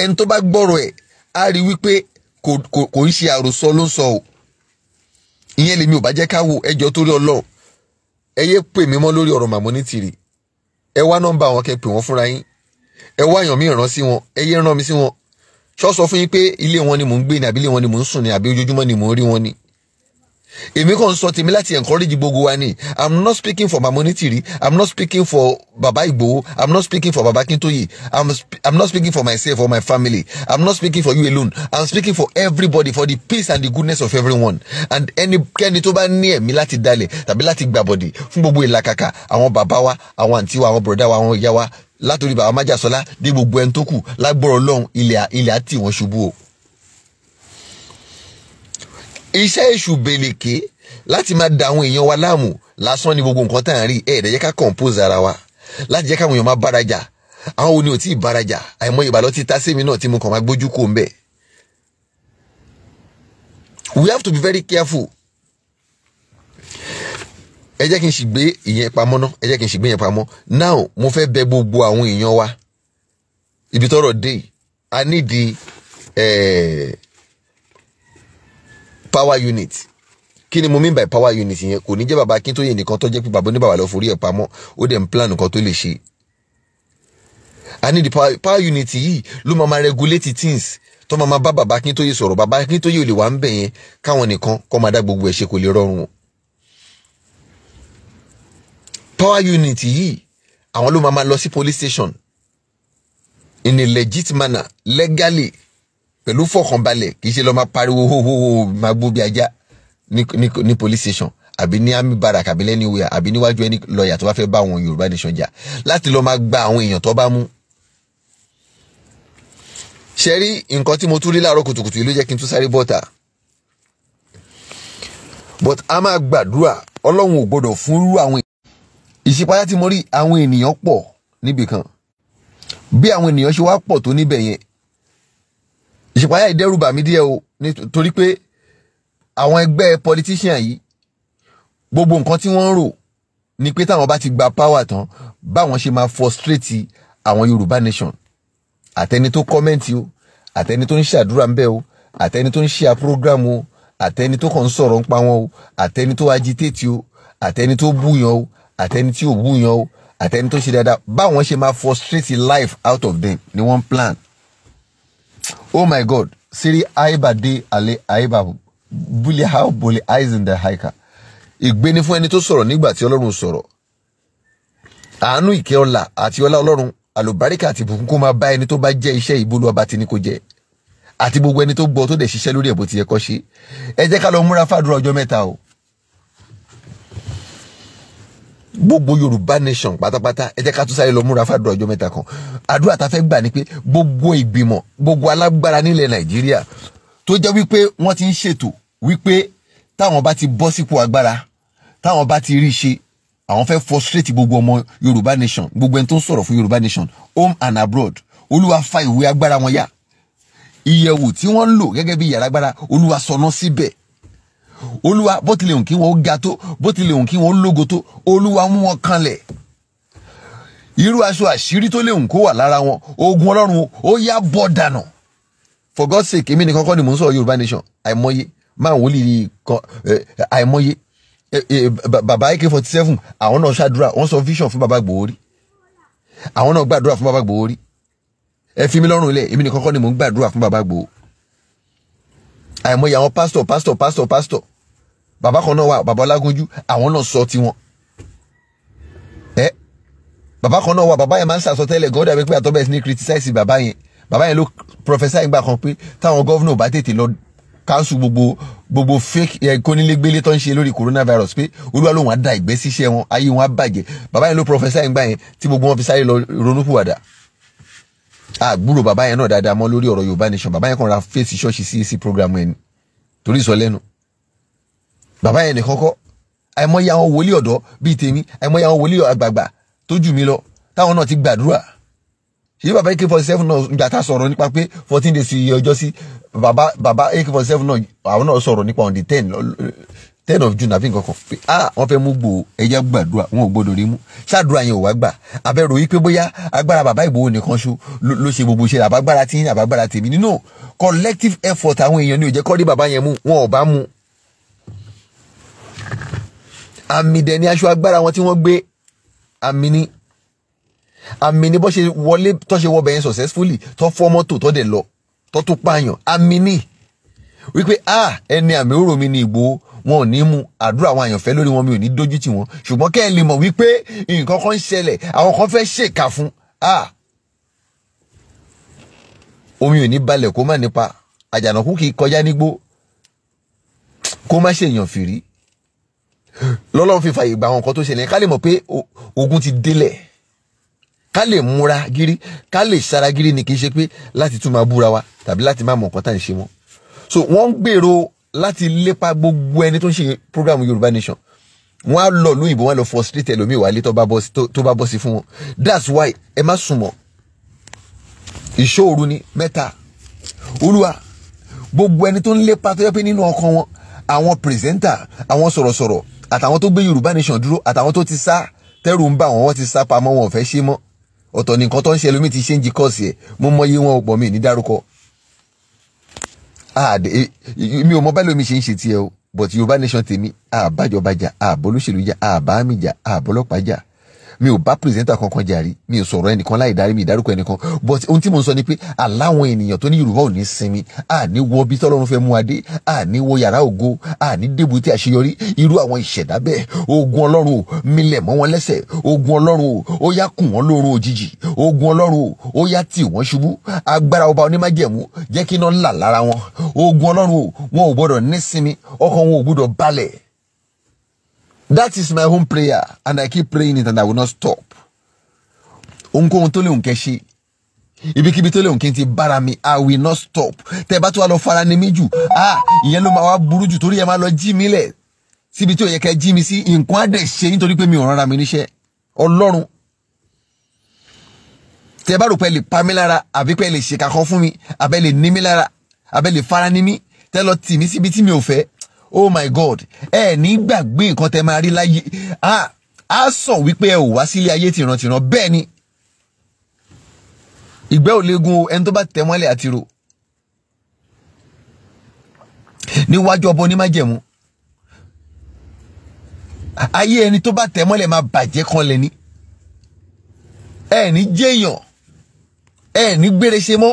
ẹni tó bá gbọ́rọ̀ ẹ̀ á rí wípé kò ń ṣe àròsọ ló ń sọ o ìyẹn lèmi ò bá jẹ́ ká wò ẹjọ́ torí ọlọ́run ẹ yé pè mí mọ́ lórí ọ̀rọ̀ màmú ní tìrì ẹ wá nọ́mbà wọn kẹ́ pè wọ́n fúnra yín ẹ wá àyàn mi ràn sí wọn ẹ yé ràn mí sí wọn ṣọ́ sọ fún yín pé ilé wọn ni mò ń gbé ni àbí ilé wọn ni mò ń sùn ni àbí ojoojúmọ́ ni mò ń rí wọn ni èmi kàn ń sọ tèmi láti encourage gbogbo wa ni i'm not speaking for Mama Onitiri i'm not speaking for Baba Igboho i'm not speaking for Baba Akintoye i'm i'm not speaking for myself or my family i'm not speaking for you alone i'm speaking for everybody for the peace and the goodness of everyone and ẹnikẹ́ni tó bá ní ẹ̀mí láti dalẹ̀ tàbí láti gbàbọ̀dè fún gbogbo ìlàkàkà àwọn bàbá wa àwọn àǹtí wa àwọn bọ̀dá wa àwọn ìyá wa látòrí bàbá májàsọ́lá dé gbogbo ẹni tó kù lágbọ́rọ̀ ọlọ́run ilẹ̀ ilẹ̀ àti ìwọ̀n ṣubú o iṣẹ́ èṣù bèlèké láti máa da àwọn èèyàn wa láàmú lásán ni gbogbo nǹkan tá à ń rí ẹ̀ẹ́dẹ̀ jẹ́ ká compose ara wa láti jẹ́ káwọn èèyàn máa bára àwọn wo ò tí ì bára jà ìbàlọ́ ti ta náà tí mo kàn máa gbójú kó ń bẹ̀. we have to be very careful. ẹ jẹ́ kí n sì gbé ìyẹn pamọ́ ná ẹ jẹ́ kí n sì gbé ìyẹn pamọ́ now mo fẹ́ bẹ̀ gbogbo àwọn èèyàn wa ibi tọ́rọ̀ dé yìí a nídìí ẹ̀ẹ́ power unit kí ni mo mean by power unit yẹn kò ní jẹ́ bàbá Akíntóyè nìkan tó jẹ́ pé bàbá oníbàbà lọ forí ẹ̀ pamọ́ ó dẹ̀ ń plan nǹkan tó lè ṣe a ní the power, power unit yìí ló máa máa regulate things tó máa máa bá bàbá Akíntóyè sọ̀rọ̀ bàbá Akíntóyè ò lè wà ń bẹ̀ yẹn káwọn nìkan kọ́ máa dá gbogbo ẹ̀ ṣe kò lè rọrùn power unit yìí àwọn ló máa máa lọ sí police station in a legit manner legally pẹ̀lú fọkànbalẹ̀ kì í ṣe lọ máa pariwo hóhóhó máa gbó bí ajá ní police station àbí ní army barrack àbí lẹ́niwẹ̀ẹ́ àbí níwájú ẹni lọ́ọ̀yà tó bá fẹ́ bá àwọn Yorùbá nation jà láti lọ máa gba àwọn èèyàn tó bá mú. ṣe rí nǹkan tí mo tún rí láàárọ̀ kùtùkùtù yìí jẹ́ kí n tún sáré bọ́ta but a máa gbàdúrà ọlọ́run ò gbọ́dọ̀ fún irú àwọn ìṣípayá tí mo rí àwọn ènìyàn pọ̀ níbìkan bí àwọn ènìyàn ṣe wá pọ̀ tó níbẹ̀ yẹn ìṣèpáyà ìdẹ́rùbà mi díẹ̀ o nítorí pé àwọn ẹgbẹ́ politician yìí gbogbo nǹkan tí wọ́n ń rò ni pé táwọn bá ti gba power tán báwọn ṣe máa frustrate àwọn Yorùbá nation àtẹni tó kọ́mẹ́ǹtì o àtẹni tó ń ṣàdúrà ń bẹ̀ o àtẹni tó ń ṣe program o àtẹni tó kàn ń sọ̀rọ̀ ń pa wọn o àtẹni tó agitate o àtẹni tó búyan o àtẹni tí ò búyan o àtẹni tó ṣe dáadáa báwọn ṣe máa frustrate life out of them ni wọ́n plan Oh my God, Siri Aiba de Ale Aiba Bully How Bully Eyes in the Hiker. Ìgbé ni fún ẹni tó sọ̀rọ̀ nígbà tí Ọlọ́run sọ̀rọ̀. Àánú ìkẹ́ ọlá àti ọlá Ọlọ́run àlùbáríkà àti ìbùkún kó máa bá ẹni tó bá jẹ́ iṣẹ́ ìbólú ọba tí ní kó jẹ́ àti gbogbo ẹni tó gbọ́ tó dẹ̀ ṣiṣẹ́ ti yẹ kó ṣe. Ẹ jẹ́ ká lọ múra fàdúrà ọjọ́ mẹ́ta o. gbogbo yorùbá nation pátápátá ẹ jẹ́ ká tún sáré lọ múra fàdúrà ọjọ́ mẹ́ta kan àdúrà tá a fẹ́ gbà ni pé gbogbo ìgbìmọ̀ gbogbo alágbára nílẹ̀ nàìjíríà tó jẹ́ wípé wọ́n ti ń ṣètò wípé táwọn bá ti bọ́ sípò agbára táwọn bá ti rí i ṣe àwọn fẹ́ frustrate gbogbo ọmọ yorùbá nation gbogbo ẹni tó ń sọ̀rọ̀ fún yorùbá nation home and abroad olúwa fa ìwé agbára wọn yá ìyẹ̀wò tí wọ́n ń lò gẹ́gẹ́ bí yàrá agbára olúwa sọ̀nà síbẹ̀ olúwa bó tilẹ̀ hùn kí wọ́n ga tó bó tilẹ̀ hùn kí wọ́n lógo tó olúwa mú wọn kanlẹ̀ irú aṣọ àṣírí tó lè hùn kó wà lára wọn ogun ọlọ́run ó yá bọ́ dànù for God's sake èmi nìkan kọ́ ni mò ń sọ Yorùbá nation àìmọye máa ń wòlíì kan àìmọye bàbá AK47 àwọn náà ṣàdúrà wọ́n sọ vision fún bàbá Ìgbòho àwọn náà gbàdúrà fún bàbá Ìgbòho ẹ fi mí lọ́rùn lẹ̀ èmi nìkan kọ́ ni mò ń gbàdúrà fún bàbá Ìgbòho àìmọye àwọn pásítọ̀ pásítọ̀ pásítọ̀ pásítọ̀ bàbá kan náà wà bàbá Ọlágúnjú àwọn náà sọ tiwọn ẹ bàbá kan náà wà bàbá yẹn máa ń sàsọtẹ́lẹ̀ gan ó dàbí sí ní criticize bàbá yẹn bàbá yẹn ló professor ìgbà kan pé táwọn gọ́vnà bá tètè lọ káńsù gbogbo gbogbo fake ẹ kónílégbélé tó ń ṣe lórí coronavirus pé olúwa lòun á da ìgbésíṣẹ́ wọn ayé wọn á bàjẹ́ bàbá yẹn ló professor ìgbà yẹn tí gbogbo wọn fi sáré lọ ronúpìwàdà àgbúrò bàbá yẹn náà dáadáa mọ́ lórí ọ̀rọ̀ Yorùbá Nation bàbá yẹn kàn ra fèsì ṣọ́ọ̀ṣì CAC program ẹni torí sọ lẹ́nu bàbá yẹn nìkan kọ́ àìmọye àwọn wòlíì ọ̀dọ́ bíi tèmi àìmọye àwọn wòlíì àgbààgbà tó jù lọ táwọn náà ti gbàdúrà ṣé bàbá AK forty seven náà gbà tá sọ̀rọ̀ nípa pé fourteen days iye ọjọ́ sí bàbá bàbá AK forty seven náà àwọn náà sọ̀rọ̀ nípa on the ten ten of june àfi nǹkan kan pé ah wọ́n fẹ́ mú gbòó ẹja gbàdúrà wọn ò gbọ́dọ̀ rí mú ṣáàdúrà yẹn ò wá gbà abẹ́rò yìí pé bóyá agbára bàbá ìgbòho nìkan ṣo ló ṣe gbogbo ṣe àbágbára tí yín àbágbára tèmi nínú collective effort àwọn èèyàn ni ò jẹ́ kọ́ rí bàbá yẹn mú wọn ò bá mú. àmì dẹ̀ ni aṣọ agbára wọn tí wọ́n gbé àmì ni àmì ni bó ṣe wọlé tó ṣe wọ bẹ̀yẹn successfully tó fọ́ mọ́tò tó dẹ̀ lọ tó tún pààyàn àmì ni wípé ah ẹni àmì òrò mi ni Ìgbòho wọn ò ní mu àdúrà àwọn àyànfẹ́ lórí wọn mi ò ní dójú tì wọn ṣùgbọ́n kẹ́ ẹ lè mọ̀ wípé nǹkan kan ń ṣẹlẹ̀ àwọn kan fẹ́ ṣèkà fún omi ò ní balẹ̀ kó má nípa àjànàkú kì í kọjá nígbó kó má ṣèyàn fìrí lọ́lọ́run fi fàyè gba àwọn nǹkan tó ṣẹlẹ̀ ká lè mọ̀ pé ogun ti délẹ̀ ká lè múra gírí ká lè sara gírí ni kì í ṣe pé láti tún máa búra wa tàbí láti má mọ̀ nǹkan tá à ń ṣe mọ́ so wọ́n ń gbèrò láti lépa gbogbo ẹni tó ń ṣe program yorùbá nation wọn á lọ lóyìnbó wọn á lọ frustrate ẹlòmíì wálé tó bá bọ́ sí fún wọn that's why ẹ má sùn mọ́ ìṣòro ni mẹ́ta olúwa gbogbo ẹni tó ń lépa tó yẹ pé nínú ọkàn wọn àwọn pírẹsẹ́ńtà àwọn sọ̀rọ̀sọ̀rọ̀ àtàwọn tó gbé yorùbá nation dúró àtàwọn tó ti sá tẹ́rù ń bà wọ́n wọ́n ti sá pamọ́ wọn ò fẹ́ ṣe mọ́ ọ̀tọ̀ nìkan tó ń ṣe ẹlòmíì ti ṣe ń jí kọ́ọ̀sì ẹ̀ mo mọyì wọn ò pọ̀ mí ní dárúkọ Ah, ah, eh, mi ò mọ bá lómi ṣe ń ṣe tiẹ̀ o but Yorùbá nation tèmi àbájọba jà àbólóṣèlú jà àbámi jà àbọlọ́pàá jà mi ò bá pírẹsẹńtà kankan jà mi ò sọ̀rọ̀ ẹnìkan láì darí mi ìdárúkọ ẹnìkan but ohun tí mo ń sọ ni pé aláwọn ènìyàn tó ní yorùbá ò ní sinmi a ní wọ bí tọ́lọ́run fẹ́ mú adé a ní wọ yàrá ògo a ní débù tí àṣeyọrí irú àwọn ìṣẹ̀dá bẹ́ẹ̀ ogun ọlọ́run o milẹ̀ mọ́ wọn lẹ́sẹ̀ ogun ọlọ́run o ó yá kùn wọ́n lóorun òjijì ogun ọlọ́run o ó yá tì wọ́n ṣubú agbára ọba onímájẹ̀mú jẹ́ kí iná ńlá lára wọn ogun ọlọ́run o wọn ò gbọ́dọ̀ nísinmi ọkàn wọn ò gbọ́dọ̀ balẹ̀ That is my home prayer, and I keep praying it, and I will not stop. Unko tó lè òun kẹ́ ṣe. Ibikíbi tó mi, I will not stop. Tẹ́ bá tó wà lọ ah, ìyẹn ló máa tori burú jù torí ẹ máa lọ jí mi lẹ̀. Síbi tí ò yẹ kẹ́ jí mi sí, nǹkan she dẹ̀ ṣe nítorí pé mi ò rárá mi níṣẹ́. Ọlọ́run. Tẹ́ bá rò pé lè pa mí lára, àbí pé lè ṣèkà kan fún mi, àbẹ́ lè ní mi fara ni mí, tẹ́ lọ tì mí mi oh my god ẹ ní gbàgbé nǹkan tẹ máa rí láyé á sàn wípé ẹ ò wá sílé ayé tìrantìran bẹ́ẹ̀ ni ìgbẹ́ ò léegun o ẹni tó bá tẹ̀ mọ́lẹ̀ àti rò níwájú ọbọ onímájẹ̀mú ayé ẹni tó bá tẹ̀ mọ́lẹ̀ máa bàjẹ́ kan lẹ̀ ní ẹ ní jẹ́yàn ẹ ní gbére ṣe mọ́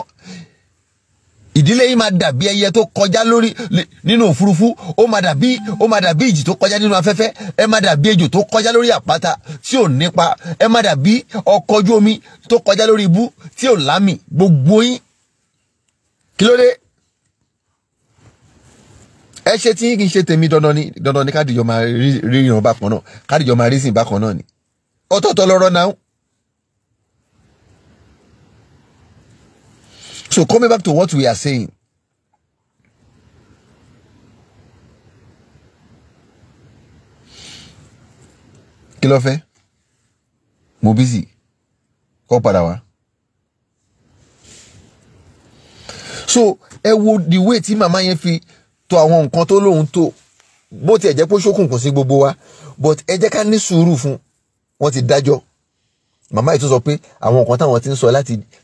ìdílé yìí máa dàbí ẹyẹ tó kọjá lórí nínú òfurufú ó máa dàbí ó máa dàbí ìjì tó kọjá nínú afẹ́fẹ́ ẹ máa dàbí ejò tó kọjá lórí àpáta tí ò nípa ẹ máa dàbí ọkọ̀ ojú omi tó kọjá lórí ibú tí ò lámì gbogbo yín kí ló dé ẹ ṣe tí kì í ṣe tèmi dandan ni dandan ni kádìjọ máa rí ìran bákan náà kádìjọ máa rí sìn bákan náà ni ọ̀tọ̀ọ̀tọ̀ lọ́rọ̀ náà So coming back to what we are saying. Kí ló fẹ́? Mo busy. So ẹ wo the way tí màmá yẹn fi to àwọn nǹkan tó lóun tó bó tiẹ̀ jẹ́ pé ṣókùnkùn sí gbogbo wa but ẹ jẹ́ ká ní sùúrù fún wọ́n ti dájọ́ màmá yìí tún sọ pé àwọn nǹkan táwọn ti ń sọ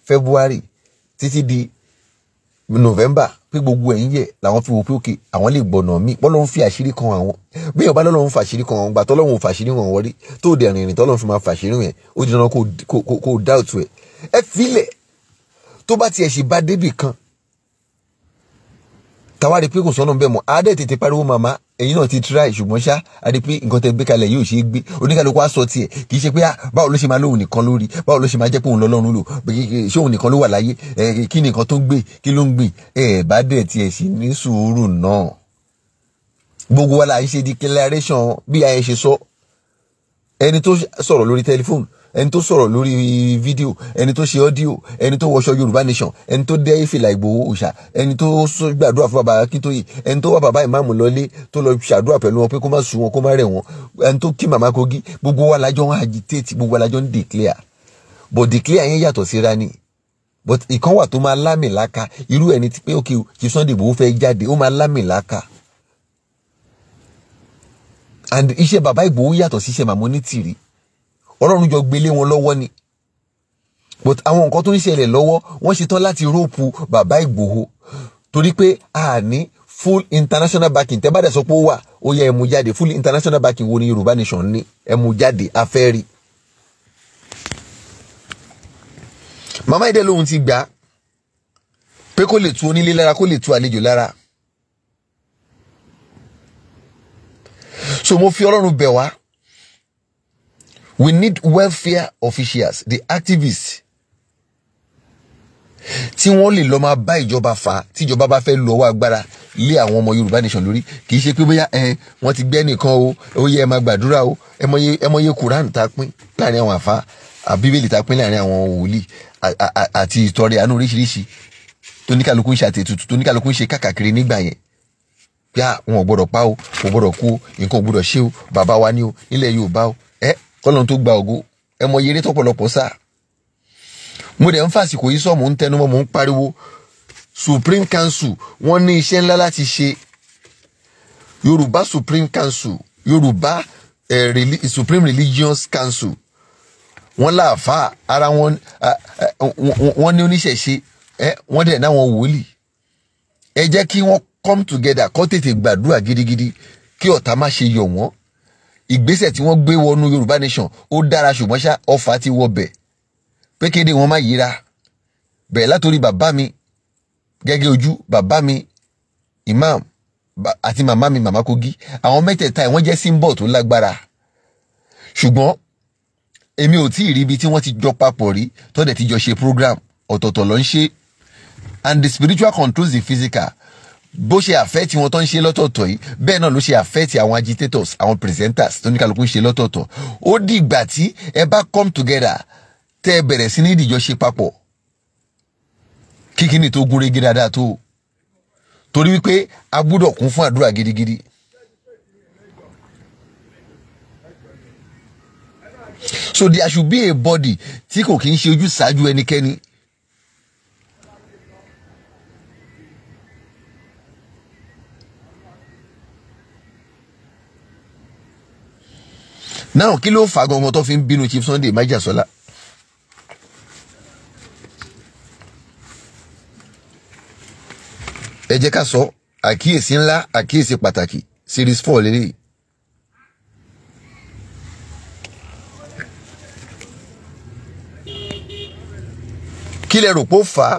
February títí di november pé gbogbo ẹ̀ ń yẹ̀ làwọn fi wò pé òkè àwọn lè gbọ̀nà míì bọ́ lọ́n fi àṣírí kan àwọn bí ọba lọ́lọ́run fàṣírí kan àwọn gbà tọ́lọ́run fàṣírí wọn wọlé tó dẹ̀ rìnrìn tọ́lọ́run fi máa fàṣírí yẹn ó di dandan kó dáùtù ẹ̀ ẹ filẹ̀ tó bá tiẹ̀ ṣe bá débì kan táwa rí i pé kò sọ́nà bẹ́ẹ̀ mọ́ adé tètè pariwo màmá ẹ̀yin náà ti try ṣùgbọ́n ṣá adé pé nǹkan tẹ́ gbé kalẹ̀ yóò ṣe é gbé oníkàlùkù á sọ tiẹ̀ kì í ṣe pé ah, báwo ló ṣe máa lóhùn nìkan lórí báwo ló ṣe máa jẹ́ pé òun lọ́lọ́run lò ṣé òun nìkan ló wà láyé kí nìkan tó gbé kí ló ń gbìn ẹ̀ bá dẹ̀ tiẹ̀ sí ní sùúrù náà gbogbo wa là ń ṣe declaration bí ayé ṣe sọ ẹni tó sọ̀rọ̀ lórí tẹlifóònù ẹni tó sọ̀rọ̀ lórí fídíò ẹni tó ṣe ọ́díò ẹni tó wọṣọ yorùbá nation ẹni tó dé ìfìlà Ìgbòho òòṣà ẹni tó gbàdúrà fún bàbá Akíntóyè ẹni tó wá bàbá ìmáàmù lọlé tó lọ ṣàdúrà pẹ̀lú wọn pé kó má sùn wọn kó má rẹ̀ wọn ẹni tó kí màmá Kogi gbogbo wa lájọ ń agitate gbogbo wa lájọ ń declare but declare yẹn yàtọ̀ síra ni but ìkan wà tó máa lámìlaka irú ẹni tí pé òkè kí Sunday Ìgbòho fẹ́ jáde ó máa lámìlaka and iṣẹ́ bàbá Ìgbòho yàtọ̀ sí iṣẹ́ màmá onítìrí ọlọ́run jọ gbélé wọn lọ́wọ́ ni but àwọn nǹkan tó ń ṣẹlẹ̀ lọ́wọ́ wọ́n ṣe tán láti róòpù bàbá Ìgbòho torí pé a ní full international backing tẹ́ bá dẹ̀ sọ pé ó wà ó yẹ ẹmu jáde full international backing wo ni Yorùbá nation ní ẹmu jáde afẹ́rí. màmá ìdẹ́ lòun ti gbà pé kó lè tu onílé lára kó lè tu àlejò lára. so mo fi ọlọ́run bẹ̀ wá We need welfare officials, the activists. Tí wọ́n lè lọ máa bá ìjọba fà tíjọba bá fẹ́ lu ọwọ́ agbára lé àwọn ọmọ Yorùbá nation lórí kì í ṣe pé bóyá ẹ wọ́n ti gbẹ́ nìkan o ó yẹ ẹ máa gbàdúrà o ẹ mọye Quran ta pín láàrin àwọn àfa àbíbélì ta pín láàrin àwọn wòlíì àti ìtọrẹ àánú oríṣiríṣi tóníkàlùkù ń ṣe àtẹ̀tùtù tóníkàlùkù ń ṣe káàkiri nígbà yẹn pé àwọn ah, ò gbọ́dọ̀ pa o kò gbọ́dọ̀ kú o nǹkan ò gbọ́dọ̀ ṣe o bàbá wa ni o nílẹ̀ Yorùbá o kọ́lọ́n tó gba ògo ẹ mọ yẹrẹ tọ́pọ̀lọpọ̀ sá mo dẹ̀ ń fàsìkò yìí sọ ń tẹnumọ́ mò ń pariwo Supreme Council wọ́n ní iṣẹ́ ńlá láti ṣe Yorùbá Supreme Council Yorùbá eh, Supreme Religious Council wọ́n láàfáà ara wọn wọ́n ní oníṣẹ̀ṣe wọ́n dẹ̀ náwọn wòlíì ẹ jẹ́ kí wọ́n come together kó tètè gbàdúrà gidigidi kí ọ̀tá má ṣe yọ̀ wọ́n ìgbésẹ̀ tí wọ́n gbé wọnú Yorùbá Nation ó dára ṣùgbọ́n ṣá ọfà ti wọ bẹ̀ pé kéde wọn má yíra bẹ̀rẹ̀ látòrí bàbá mi gẹ́gẹ́ ojú bàbá mi imam àti màmá mi màmá Kogi àwọn mẹ́tẹ̀ẹ̀ta wọ́n jẹ́ symbol tó lágbára ṣùgbọ́n èmi ò tí ì rí ibi tí wọ́n ti jọ papọ̀ rí tọ́dẹ̀ ti jọ ṣe program ọ̀tọ̀ọ̀tọ̀ ló ń ṣe and the spiritual controls the physical bó ṣe àfẹ́tì wọn tó ń ṣe lọ́tọ̀ọ̀tọ̀ yìí bẹ́ẹ̀ náà ló ṣe àfẹ́tì àwọn agitators àwọn presenters tó ní kálukú ń ṣe lọ́tọ̀ọ̀tọ̀ ó dìgbà tí ẹ bá come together tẹ́ ẹ bẹ̀rẹ̀ sí ní ìdìjọ́ ṣe papọ̀ kíkíní tó gún régé dáadáa tó torí wípé a gbúdọ̀ kún fún àdúrà gidigidi. so there should be a body tí kò kí ń ṣe ojú ṣáájú ẹnikẹ́ni náà kí ló fà gangan tó fi ń bínú Chief Sunday májàsọ́lá. ẹ jẹ́ ká sọ àkíyèsí ńlá àkíyèsí pàtàkì series four lélẹ́yìí. kí lẹ rò pé ó fà á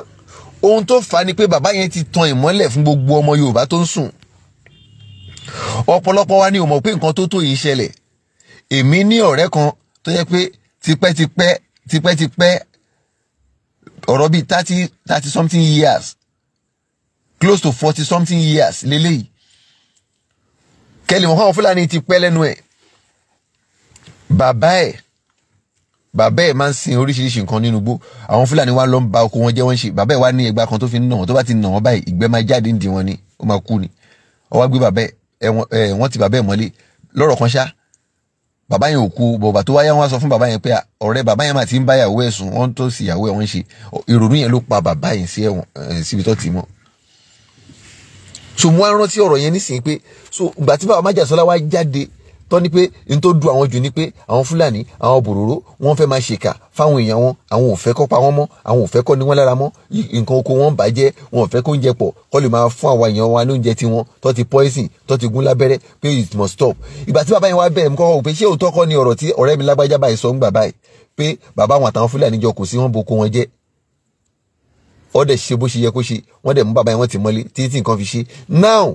ohun tó fà á ni pé bàbá yẹn ti tan ìmọ́lẹ̀ fún gbogbo ọmọ Yorùbá tó ń sùn ọ̀pọ̀lọpọ̀ wa ni ò mọ̀ pé nǹkan tó tó yìí ṣẹlẹ̀ èmi ní ọ̀rẹ́ kan tó yẹ pé tipẹ́tipẹ́ tipẹ́tipẹ́ ọ̀rọ̀ bíi thirty thirty something years close to forty something years lélẹ́yìí kẹ́lì mọ̀ fáwọn fúlàní ti pẹ́ lẹ́nu ẹ̀ bàbá ẹ̀ bàbá ẹ̀ máa ń sin oríṣiríṣi nǹkan nínú igbó àwọn fúlàní wa lọ ń ba oko wọn jẹ́ wọ́n ṣe bàbá ẹ̀ wá ní ẹgbàá kan tó fi ń nà wọ́n tó bá ti nà wọ́n báyìí ìgbẹ́ máa jáde ń di wọn ni ó máa kú ni ó wá gbé bàbá ẹ̀ wọ́n ti bàbá ẹ̀ mọ́lé lọ́rọ̀ kan ṣáá bàbá yẹn ò kú bọ̀bà tó wáyà wọn sọ fún bàbá yẹn pé ọ̀rẹ́ bàbá yẹn mà ti ń bá ìyàwó ẹ̀ sùn wọ́n tó sì ìyàwó ẹ̀ wọ́n ṣe ìrònú yẹn ló pa bàbá yẹn sí ẹ̀wọ̀n síbi tó ti mọ́. so mo wá rántí ọ̀rọ̀ yẹn nísìnyí pé so ìgbà tí bàbá májàsọ́lá wá jáde tó ní pé n tó du àwọn jù ni pé àwọn fúlàní àwọn bòròró wọ́n fẹ́ máa ṣèkà fáwọn èèyàn wọn àwọn ò fẹ́ kó pa wọ́n mọ́ àwọn ò fẹ́ kó ní wọ́n lára mọ́ nǹkan oko wọn bàjẹ́ wọn ò fẹ́ kó ń jẹ pọ̀ kó lè máa fún àwa èèyàn wa lóúnjẹ tiwọn tó ti poison tó ti gún lábẹ́rẹ́ pé it must stop ìgbà tí bàbá yẹn wá bẹ̀rẹ̀ mú kọ́kọ́ wò pé ṣé òótọ́ kọ́ ni ọ̀rọ̀ tí ọ̀rẹ́ mi lágbájá báyìí sọ ń gbà báyìí pé bàbá àwọn àtàwọn fúlàní jọ kò sí wọn boko wọn jẹ́ ọ̀dẹ̀ ṣe bó ṣe yẹ kó ṣe wọ́n dẹ̀ mú bàbá yẹn wọ́n ti mọ́lé títí nǹkan fi ṣe now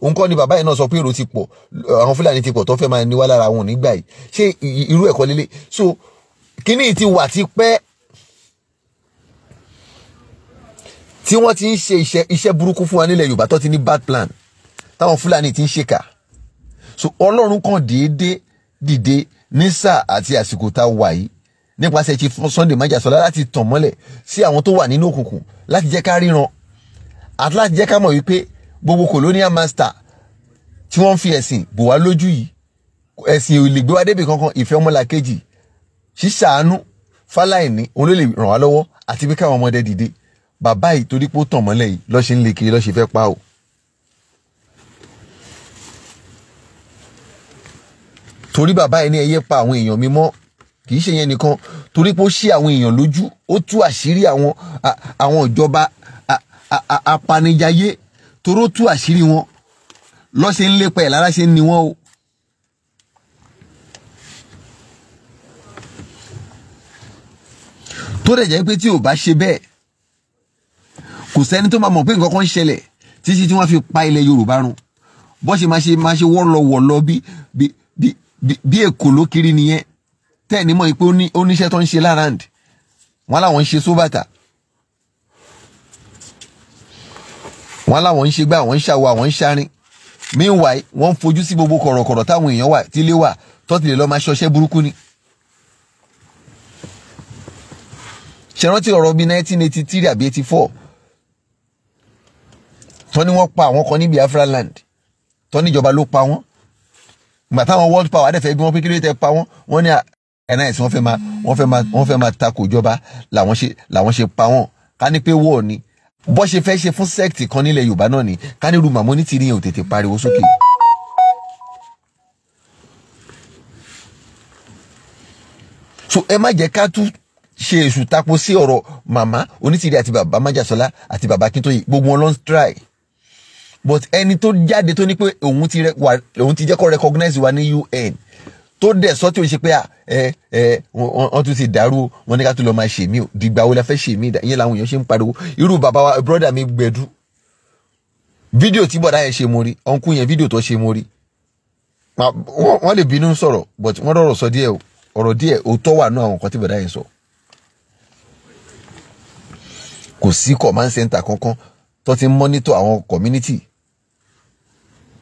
òun kọ́ ni bàbá yìí náà sọ pé èrò ti pọ̀ àwọn fúlàní ti pọ̀ tó fẹ́ máa ní wá lára wọn nígbà yìí ṣé irú ẹ̀kọ́ lélẹ̀ so kíní ti wà ti pẹ́ tí wọ́n ti ń ṣe iṣẹ́ iṣẹ́ burúkú fún wa nílẹ̀ yorùbá tó ti ní bad plan táwọn fúlàní ti ń ṣèkà so ọlọ́run kan déédéé dìde ní sáà àti àsìkò tá a wà yìí nípasẹ̀ ti Sunday májàsọ́lá láti tàn mọ́lẹ̀ sí àwọn tó wà nínú òkùnkùn láti jẹ́ ká ríran àti láti jẹ́ ká mọ̀ wípé gbogbo colonial master tí wọ́n fi ẹ̀sìn bò wá lójú yìí ẹ̀sìn ò lè gbé wá débi kankan ìfẹ́ ọmọlàkejì ṣíṣàánú fáláìní òun ló lè ràn wá lọ́wọ́ àti pé káwọn ọmọdé dìde bàbá yìí torí pé ó tàn mọ́lẹ̀ yìí lọ́ọ́ ṣe ń le kiri lọ́ọ́ ṣe fẹ́ pa o. torí bàbá yìí ní ẹyẹ pa àwọn èèyàn mi mọ́ kì í ṣe yẹn nìkan torí pé ó ṣí àwọn èèyàn lójú ó tú àṣírí àwọn àwọn ìjọba apanijayé toró tú àṣírí wọn lọ́ṣẹ́ ń lépa ẹ̀ lára ṣe ń ni wọ́n o. tó dẹ̀ jẹ́ pé tí ò bá ṣe bẹ́ẹ̀ kò sẹ́ni tó máa mọ̀ pé nǹkan kan ń ṣẹlẹ̀ títí tí wọ́n fi pa ilẹ̀ Yorùbá run bó ṣe máa ṣe máa ṣe wọ́lọ̀wọ̀lọ̀ bí bí bí èkó ló kiri nìyẹn tẹ́ẹ̀ ní mọ̀ pé ó níṣẹ́ tó ń ṣe láràǹdì wọ́n láwọn ń ṣe sóbàtà. So wọn láwọn ń ṣe gbá àwọn ń ṣàwọ àwọn ń ṣarin meanwhile wọ́n ń fojú sí gbogbo kọ̀rọ̀kọ̀rọ̀ táwọn èèyàn wà tílé wà tọ́tìlẹ̀ lọ́ọ́ máa ṣọṣẹ́ burúkú ni. ṣèrántí ọ̀rọ̀ bíi nineteen eighty three àbí eighty four tọ́ ni wọ́n pa àwọn kan ní Biafra land tọ́ níjọba ló pa wọ́n ìgbà táwọn world power adẹ́fẹ́ bí wọ́n pé kí ló tẹ́ pa wọ́n wọ́n ní NIS wọ́n fẹ́ máa wọ́n fẹ́ máa wọ́n fẹ́ máa takò ìjọba làwọn ṣe làwọn ṣe pa wọ́n ká ní pé wọ́ọ̀ ni bó ṣe fẹ́ ṣe fún sect kan nílẹ̀ yorùbá náà ni kánírù màmúní ti rí yẹn ò tètè pariwo sókè. so ẹ má jẹ́ ká tún ṣe èṣù tapo sí ọ̀rọ̀ màmá onítìrí àti bàbá májàsọ́lá àti bàbá kíntóyè gbogbo wọn ló ń try but ẹni tó jáde tó ní pé òun ti jẹ́ kó recognize wa ní UN tó dẹ̀ sọ tí o ṣe pé ah, ẹ ẹ wọ́n tún ti dàrú wọn ní ká tó lọ máa ṣe mí o dìgbà wo la fẹ́ ṣe mí ìyẹn làwọn èèyàn ṣe ń pariwo irú bàbá wa brọ́dà mi gbẹ̀dú fídíò tí bọ̀dá yẹn ṣe mo rí ọ̀nkú yẹn fídíò tó ṣe mo rí wọ́n lè bínú sọ̀rọ̀ but wọ́n rọ̀rọ̀ sọ díẹ̀ o ọ̀rọ̀ díẹ̀ òótọ́ wà náà àwọn nǹkan tí bọ̀dá yẹn sọ kò sí command center kankan tó ti ń mọ́nítọ̀ àwọn community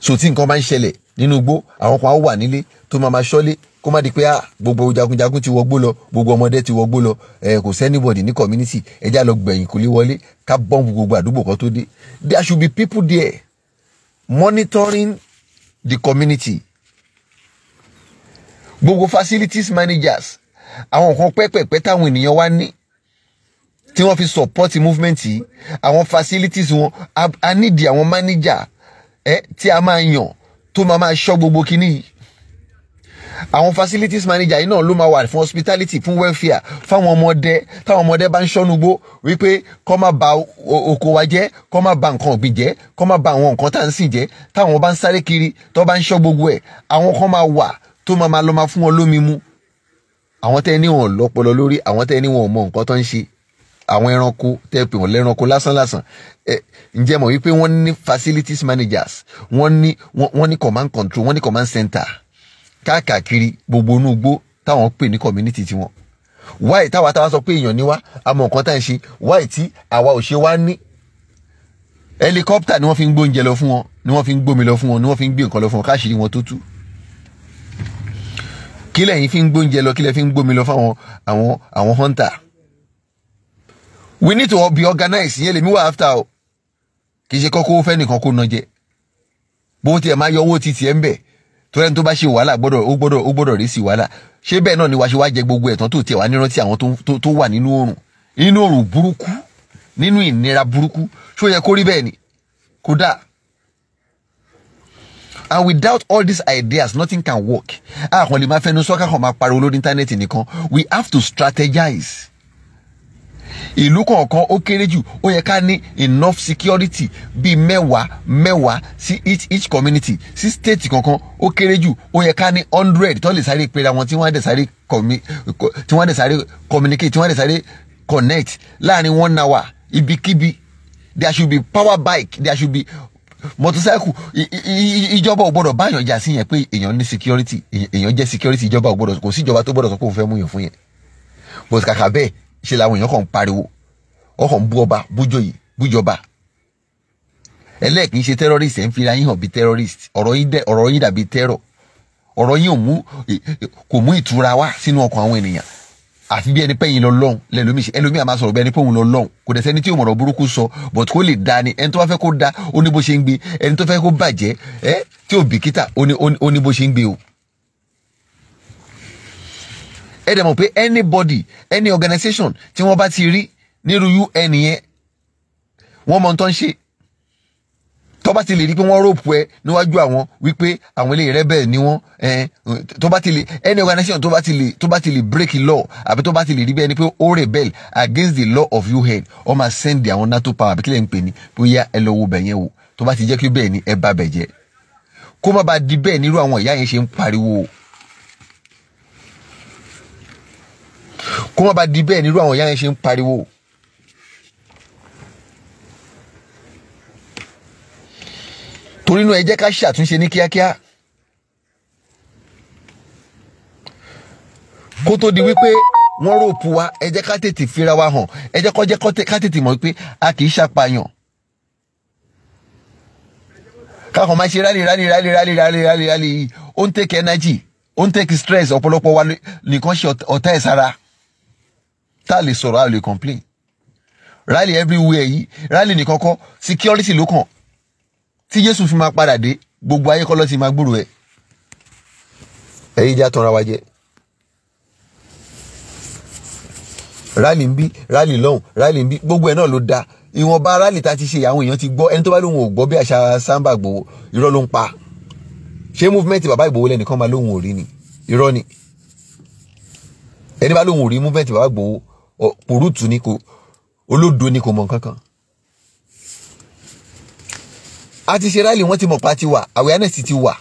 so tí nǹkan bá ń ṣẹlẹ̀ nínú igbó àwọn kan á wà nílé tó máa ma ṣọ́lé kó má di pé gbogbo jagunjagun ti wọgbó lọ gbogbo ọmọdé ti wọgbó lọ kò sẹ́nibọ̀dì ní community ẹja lọ gbẹ̀yìn kò lè wọlé ká bọ́ǹbù gbogbo àdúgbò kan tó dé there should be people there monitoring the community gbogbo facilities managers àwọn nǹkan pẹ́pẹ̀pẹ́ táwọn ènìyàn wá ní tí wọ́n fi support movement yìí àwọn facilities wọn a need àwọn manager eh, tí a máa yàn tó máa máa ṣọ́ gbogbo kinní yìí àwọn facilities manager yìí náà ló máa wà fún hospitality fún welfare fáwọn ọmọdé táwọn ọmọdé bá ń ṣọ́nugbó wípé kọ́ má bà oko wa jẹ́ kọ́ má bà nǹkan ọ̀gbìn jẹ́ kọ́ má bà àwọn nǹkan tá à ń sìn jẹ́ táwọn bá ń sáré kiri tó bá ń ṣọ́ gbogbo ẹ̀ àwọn kan máa wà tó máa máa lọ máa fún wọn lómi mu àwọn tẹ́ ní wọn lọ́pọlọ lórí àwọn tẹ́ ní wọn ò mọ nǹkan tó ń ṣe àwọn ẹranko tẹ́ pè wọ́n lẹ́ranko lásánlásán ǹjẹ́ mọ̀ wípé wọ́n ní facilities managers wọ́n ní wọ́n ní command control wọ́n ní command center káàkiri gbogbo inú igbó táwọn pè ní community tiwọn wáyé táwa táwa sọ pé èèyàn ní wá àmọ́ nǹkan tá à ń ṣe wáyé tí àwa ò ṣe wá ní helicopter ni wọ́n fi ń gbóúnjẹ lọ fún wọn ni wọ́n fi ń gbómi lọ fún wọn ni wọ́n fi ń gbé nǹkan lọ fún wọn káàṣírí wọn tó tú kílẹ̀ yìí fi ń gbóúnjẹ lọ kílẹ̀ fi ń gbómi lọ fáwọn àwọn hunter we need to be organized yẹn lèmi wà after o kì í ṣe kọ́kọ́ fẹ́ kó na jẹ bó tiẹ̀ máa yọ owó títí ẹ̀ ń bẹ̀ tó tó bá ṣe wàhálà gbọ́dọ̀ ó gbọ́dọ̀ ó gbọ́dọ̀ rí sí wàhálà ṣé bẹ́ẹ̀ náà ni wàá ṣe wá jẹ gbogbo ẹ̀tàn tó tiẹ̀ wá nírántí àwọn tó wà nínú oòrùn nínú oòrùn burúkú nínú ìnira burúkú ṣó yẹ kó rí bẹ́ẹ̀ ni kódà and without all these ideas nothing can work a kàn lè máa fẹnu sọ ká kàn máa pariwo lórí íńtánẹ́ẹ̀tì nìkan we have to strategize ìlú kọ̀ọ̀kan ó kéré jù ó yẹ ká ní enough security bíi mẹ́wàá mẹ́wàá sí each each community sí state kankan ó kéré jù ó yẹ ká ní hundred tó lè sáré pera wọn tí wọ́n á dẹ̀ sáré tí wọ́n á dẹ̀ sáré communicate tí wọ́n á dẹ̀ sáré connect láàrin one hour ibikíbi there should be power bike there should be motorcycle ìjọba ò gbọ́dọ̀ báyọ̀ jà sí yẹn pé èèyàn ní security èèyàn jẹ́ security ìjọba ò gbọ́dọ̀ kò sí ìjọba tó gbọ́dọ̀ sọ pé òun fẹ́ mú yàn fún yẹn but kàkà bẹ́ẹ̀ ṣe làwọn èèyàn kàn ń pariwo wọ́n kàn ń bú ọba bújòyè bújọba ẹlẹ́ẹ̀kì ṣe terrorist ẹ̀ ń fira yín hàn bí terrorist ọ̀rọ̀ yín dẹ̀ ọ̀rọ̀ yín dàbí terror ọ̀rọ̀ yín ò mú kò mú ìtura wá sínú ọkàn àwọn ènìyàn àfi bí ẹni pẹ́yìn lọ lọ́hùn lẹ́lómi ṣe ẹlòmíà máa sọ̀rọ̀ bí ẹni pẹ́yìn lọ lọ́hùn kò dẹ̀ sẹ́ni tí òmùrọ̀ burúkú sọ but kó lè da ni ẹni tó bá fẹ́ kó da ó ní bó ṣe ń gbé ẹni tó fẹ́ kó bàjẹ́ ẹ tí ò bìkítà ó ní bó ṣe ń gbé o ẹ dẹ̀ mọ̀ pé anybody any organisation tí wọ́n bá ti rí nírú UN yẹn wọ́n mọ̀ ń tán ṣe tó bá ti lè rí pé wọ́n ròpù ẹ níwájú àwọn wípé àwọn eléyìí rebel ni wọ́n tó bá ti lè any organisation tó bá ti lè tó bá ti lè break law àbí tó bá ti lè rí bí ẹni pé ó rebel against the law of UN ó máa send àwọn NATO power àbí kílẹ̀ ń pè ní bóyá ẹ lọ wo bẹ̀yẹn o tó bá ti jẹ́ pé bẹ́ẹ̀ ni ẹ bá bẹ̀ jẹ́ kó má bàa di bẹ́ẹ̀ nírú àwọn ìyá yẹn ṣe ń pariwo o. kó má ba di bẹ́ẹ̀ nírú àwọn ìyá yẹn ṣe ń pariwo. torí náà ẹ jẹ́ ká ṣàtúnṣe ní kíákíá. kó tó di wípé wọ́n ròpù wa ẹ jẹ́ ká tètè fira wa hàn ẹ jẹ́ kó jẹ́ ká tètè mọ̀ pé a kì í ṣàpàyàn. kákan máa ṣe rálì rálì rálì rálì rálì rálì yìí ó ń take energy ó ń take stress ọ̀pọ̀lọpọ̀ wa nìkan ṣe ọ̀tá ẹ̀ sára tá a lè a lè complain rally everywhere yìí rally nìkan kọ́ security ló kàn tí Jésù fi máa padà dé gbogbo ayé kọ́ ló ti máa gbúrò ẹ̀ ẹ̀yin já tanra wa jẹ. rally ń bí rally lọ́hùn rally ń bí gbogbo ẹ̀ náà ló da? ìwọ̀nba rally ta ti ṣe àwọn èèyàn ti gbọ́ ẹni tó bá lóun ò gbọ́ bí àṣà Samba Ìgbòho irọ́ ló ń pa ṣé movement bàbá Ìgbòho lẹ́nìkan máa lóun ò rí ni irọ́ ni ẹni bá lóun ò rí movement bàbá Ìgbòho pòrútù ni kò olódo ni kò mọ̀ nǹkan kan. a ti ṣe rally wọ́n ti mọ̀ pa ti wà awareness ti wà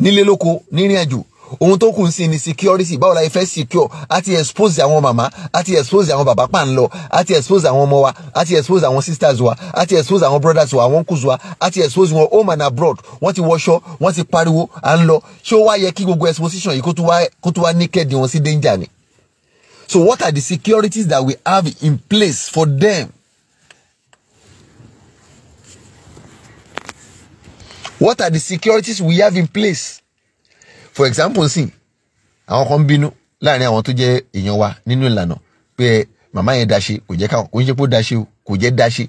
nílé lóko nírìn àjò ohun tó kù ń sin ni security báwo la fẹ́ secure a ti expose àwọn màmá a ti expose àwọn bàbá pà ń lọ a ti expose àwọn ọmọ wa a ti expose àwọn sisters wa a ti expose àwọn brothers wa àwọn uncles wa a ti expose wọn home and abroad wọ́n ti wọṣọ wọ́n ti pariwo à ń lọ ṣé ó wá yẹ kí gbogbo exposition yìí kó tó wá ní kẹ́ẹ̀dì wọn sí danger ni. So what are the securities that we have in place for them? What are the securities we have in place? For example, see, àwọn kan bínú láàrin àwọn tó jẹ́ èèyàn wa nínú ìlànà pé màmá yẹn dáṣe kò jẹ́ káwọn kò ń ṣe pé ó dáṣe o kò jẹ́ dáṣe.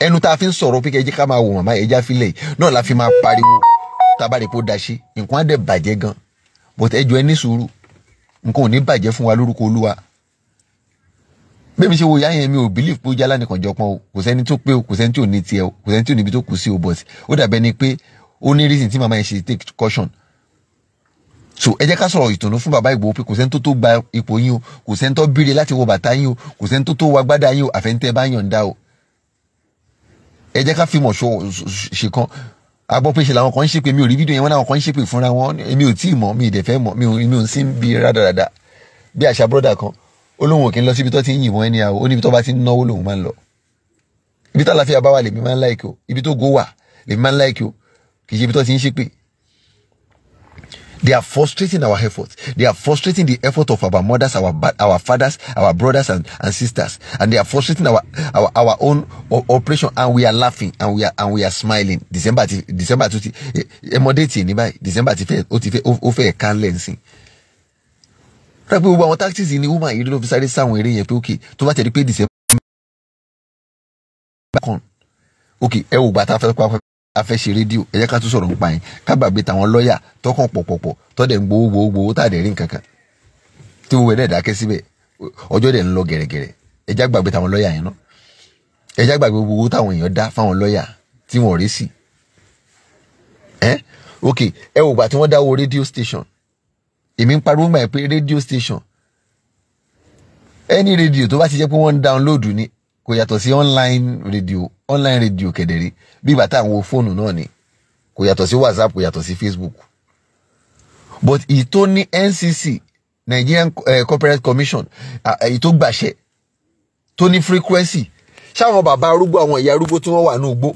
Ẹnu tá a fi ń sọ̀rọ̀ pé kẹjẹ́ ká máa wo màmá yẹn jáfílẹ̀ náà la fi máa pariwo tá pé ó dáṣe nǹkan á dẹ̀ bàjẹ́ gan-an but ẹ ní sùúrù nǹkan ò ní bàjẹ́ fún wa lórúkọ olúwa bẹ́ẹ̀mi ṣe wo ìyá yẹn mi ò believe pé ó jálá nìkan jọpọ́n o kò sẹ́ni tó pé o kò sẹ́ni tí ò ní tiẹ̀ o kò sẹ́ni tí ò níbi tó kù sí o but ó dàbẹ́ ni pé ó ní reason tí màmá yẹn ṣe take caution so ẹ jẹ́ ká sọ̀rọ̀ ìtùnú fún bàbá Ìgbòho pé kò sẹ́ni tó tó gba ipò yín o kò sẹ́ni tó bíire láti wọ bàtà yín o kò sẹ́ni tó tó wọ agbádá yín o àfẹ́ntẹ́ bá yàn dá o ẹ jẹ́ ká fìmọ̀ ṣe kan a gbọ́ pé ṣe làwọn kan ń ṣépè mi ò rí fídíò yẹn wọ́n làwọn kan ń ṣépè fúnra wọn èmi ò tí ì mọ̀ mi ì dẹ̀ fẹ́ mọ̀ mi ò mi ò ń sí bí rádaràda bí àṣà bọ́dà kan olóhùn òkè ń lọ síbi tó ti ń yìnbọn ẹni àwọ̀ ó níbi tó bá ti ń náwó lòun máa ń lọ ibi tó àlàáfíà bá wà lèmi máa ń láìkì o ibi tó go wà lèmi máa ń láìkì o kì í ṣe ibi tó ti ń ṣépè They are frustrating our efforts. They are frustrating the effort of our mothers, our our fathers, our brothers and, and sisters. And they are frustrating our our, our own operation. And we are laughing and we are and we are smiling. December December tó ti ẹmọdé e, e tì ní December ti fẹ́ ó ti fẹ́ ó fẹ́ ẹ̀ka lẹ́nsìn. Rẹ́ pé woman yìí ló fi sáré sáwọn eré yẹn okay tó bá tẹ̀lé pé December okay ẹ wò gbà a afẹ́ṣe rédíò ẹ jẹ́ ká tún sọ̀rọ̀ nípa yẹn kábàgbé tàwọn lọ́ọ̀yà tọkàn pọ̀pọ̀pọ̀ tọ́dẹ̀ ń gbowó gbowó gbowó tàdé rí nǹkan kan tí wọ́n dẹ̀ dákẹ́ síbẹ̀ ọjọ́ dẹ̀ ń lọ gẹ̀rẹ́gẹ̀rẹ́ ẹ já gbàgbé tàwọn lọ́ọ̀yà yẹn náà ẹ já gbàgbé gbowó táwọn èèyàn dá fáwọn lọ́ọ̀yà tí wọ́n rí sí ẹ ok ẹ wò gbà tí wọ́n dáwọ́ rédíò station èmi ń pariwo gbà yẹn pé rédíò station ẹni rédíò tó bá ti jẹ́ pé wọ́n ń download ni kò yàtọ̀ sí online radio online radio kẹ̀dẹ̀rí bí ìgbà tá à fóònù náà ni kò yàtọ̀ sí whatsapp kò yàtọ̀ sí facebook but ìtò ní ncc nigerian uh, corporate commission ìtò gbàṣẹ tó ní frequency ṣáwọn bàbá arúgbó àwọn ìyá arúgbó tí wọ́n wà ní ugbó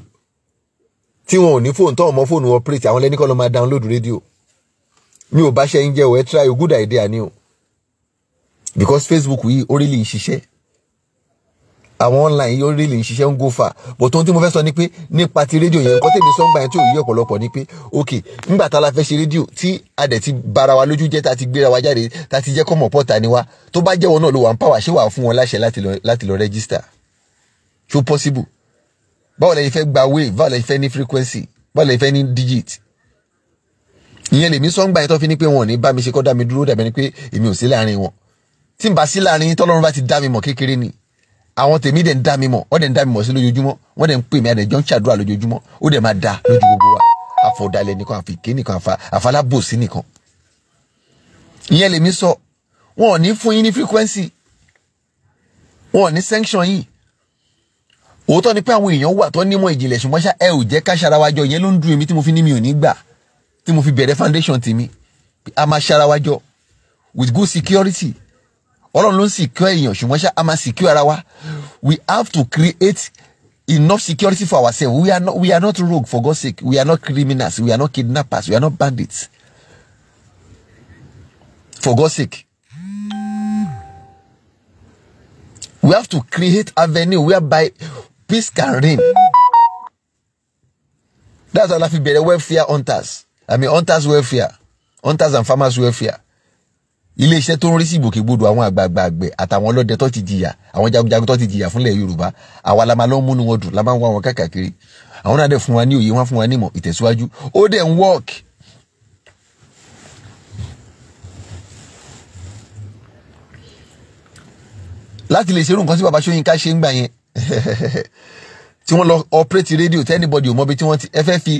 tí wọn ò ní fóònù tó ọmọ fóònù operate àwọn lẹ́ni kọ́ ló máa download radio. mi ò bá ṣe ń jẹ́ o ẹ try o good idea ni o because facebook yìí ó rí lè ṣiṣẹ́ àwọn online yóò rí lè ń ṣiṣẹ́ ń go far but ohun tí mo fẹ́ sọ ni pé nípa ti rédíò yẹn nǹkan tèmi sọ́ngbà yẹn tí ò yí ọ̀pọ̀lọpọ̀ ni pé ok nígbà tá a la fẹ́ ṣe rédíò tí a dẹ̀ ti bara wa lójú jẹ́ tá a ti gbéra wa jáde tá a ti jẹ́ kọ́mọ̀ pọ́ta ni wa tó bá jẹ́ wọn náà ló wà ń pàwà ṣé wà á fún wọn láṣẹ láti lọ rẹ́gísítà ṣó possible báwo lẹ́yìn fẹ́ gba wave báwo lẹ́yìn fẹ́ ní frequency báwo lẹ́yìn fẹ́ ní digit ìyẹn lèmi sọ́ngbà yẹn tó fi ní pé wọn ò ní bá mi ṣe kọ́ dá mi dúró dàbẹ́ ni pé èmi ò sí láàrin wọn tí n bá sí láàrin tọ́lọ́run bá ti dá àwọn tèmi dẹ̀ ń dá mi mọ̀ wọ́n dẹ̀ ń dá mi mọ̀ sí lójoojúmọ́ wọ́n dẹ̀ ń pè mí àdẹ̀jọ́ ń ṣàdúrà lójoojúmọ́ ó dẹ̀ máa da lójú gbogbo wa àfọ̀dàlẹ̀ nìkan àfìké nìkan àfalábòsí nìkan. ìyẹn lèmi sọ wọn ò ní fún yín ní frequency wọn ò ní sanction yìí òótọ́ ni pé àwọn èèyàn wà tó nímọ̀ ìjìnlẹ̀ ṣùgbọ́n ṣá ẹ ò jẹ́ ká ṣarawájọ ìyẹn ló ń dùn èmi tí mo fi ní mi ò ní gbà tí mo fi bẹ̀rẹ̀ foundation tèmi a máa ṣarawájọ with good security ọlọ́run ló ń secure èèyàn ṣùgbọ́n ṣá a máa secure ara wa we have to create enough security for ourselves we are not we are not rogue for God's sake we are not criminals we are not kidnappers we are not bandits for God's sake we have to create avenue whereby peace can reign that's why la fi bẹ̀rẹ̀ welfare hunters i mean hunters welfare hunters and farmers welfare iléeṣẹ́ tó ń rí sí ìgbòkègbodò àwọn àgbààgbà àgbẹ̀ àtàwọn ọlọ́dẹ tó ti jìyà àwọn jagunjagun tó ti jìyà fúnlẹ̀ Yorùbá àwa la máa lọ ń múnú wọn dùn la máa ń wá wọn káàkiri àwọn náà dẹ̀ fún wa ní òye wọn fún wa nímọ̀ ìtẹ̀síwájú ó dẹ̀ ń wọ́ọ̀kì. láti lè ṣerú nǹkan tí baba Ṣóyínká ṣe ń gbà yẹn tí wọ́n lọ operate rédíò tẹ́nibọ́dì ò mọ bí tí wọ́n ti ẹ fẹ́ fi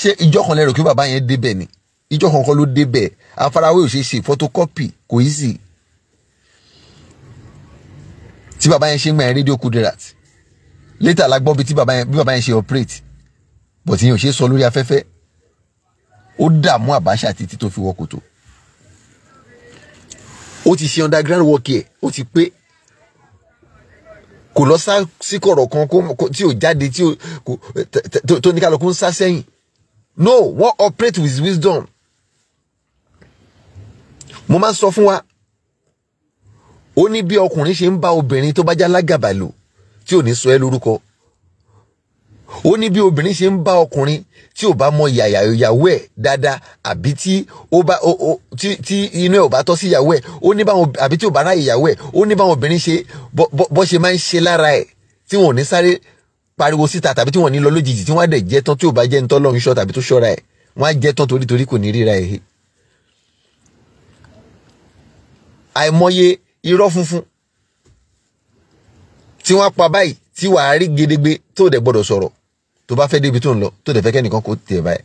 ṣe ìjọkànlẹ̀ rò ìjọ kankan ló débẹ̀ àfarawé ò ṣeé ṣe photocopy kò í sì tí bàbá yẹn ṣe ń gbà yẹn rédíò Kudirat later la gbọ́ bí tí bàbá yẹn bí bàbá yẹn ṣe operate but ìyẹn ò ṣeé sọ lórí afẹ́fẹ́ ó dààmú Abacha títí tó fi wọ kòtò ó ti ṣe underground work ẹ̀ ó ti pé kò lọ sá sí kọ̀rọ̀ kan tí ò jáde tí ò tó ní kálukú ń sá sẹ́yìn no wọ́n operate with wisdom mo máa ń sọ fún wa ó ní bí ọkùnrin ṣe ń bá obìnrin tó bá já lágàbà lò tí ò ní sọ ẹ́ lórúkọ ó ní bí obìnrin ṣe ń bá ọkùnrin tí ò bá mọ yàyà ìyàwó ẹ̀ dáadáa àbí tí ó bá tí inú ẹ̀ ò bá tọ́ sí ìyàwó ẹ̀ ó ní báwọn àbí tí ò bá ráyè ìyàwó ẹ̀ ó ní báwọn obìnrin ṣe bọ́ ṣe máa ń ṣe lára ẹ̀ tí wọn ò ní sáré pariwo síta tàbí tí wọn ò ní lọ lójijì tí wọn á dẹ̀ jẹ́ tán tí ò bá jẹ́ ń tọ́ lọ́run ṣọ́ tàbí tó ṣọ́ra ẹ̀ wọ́n á jẹ́ tán torítorí kò ní ríra ẹ̀ àìmọye irọ́ funfun tí wọ́n pa báyìí tí wàá rí gedegbe tó dẹ̀ gbọ́dọ̀ sọ̀rọ̀ tó bá fẹ́ débi tó ń lọ tó dẹ̀ fẹ́ kẹ́nìkan kó tiẹ̀ báyìí.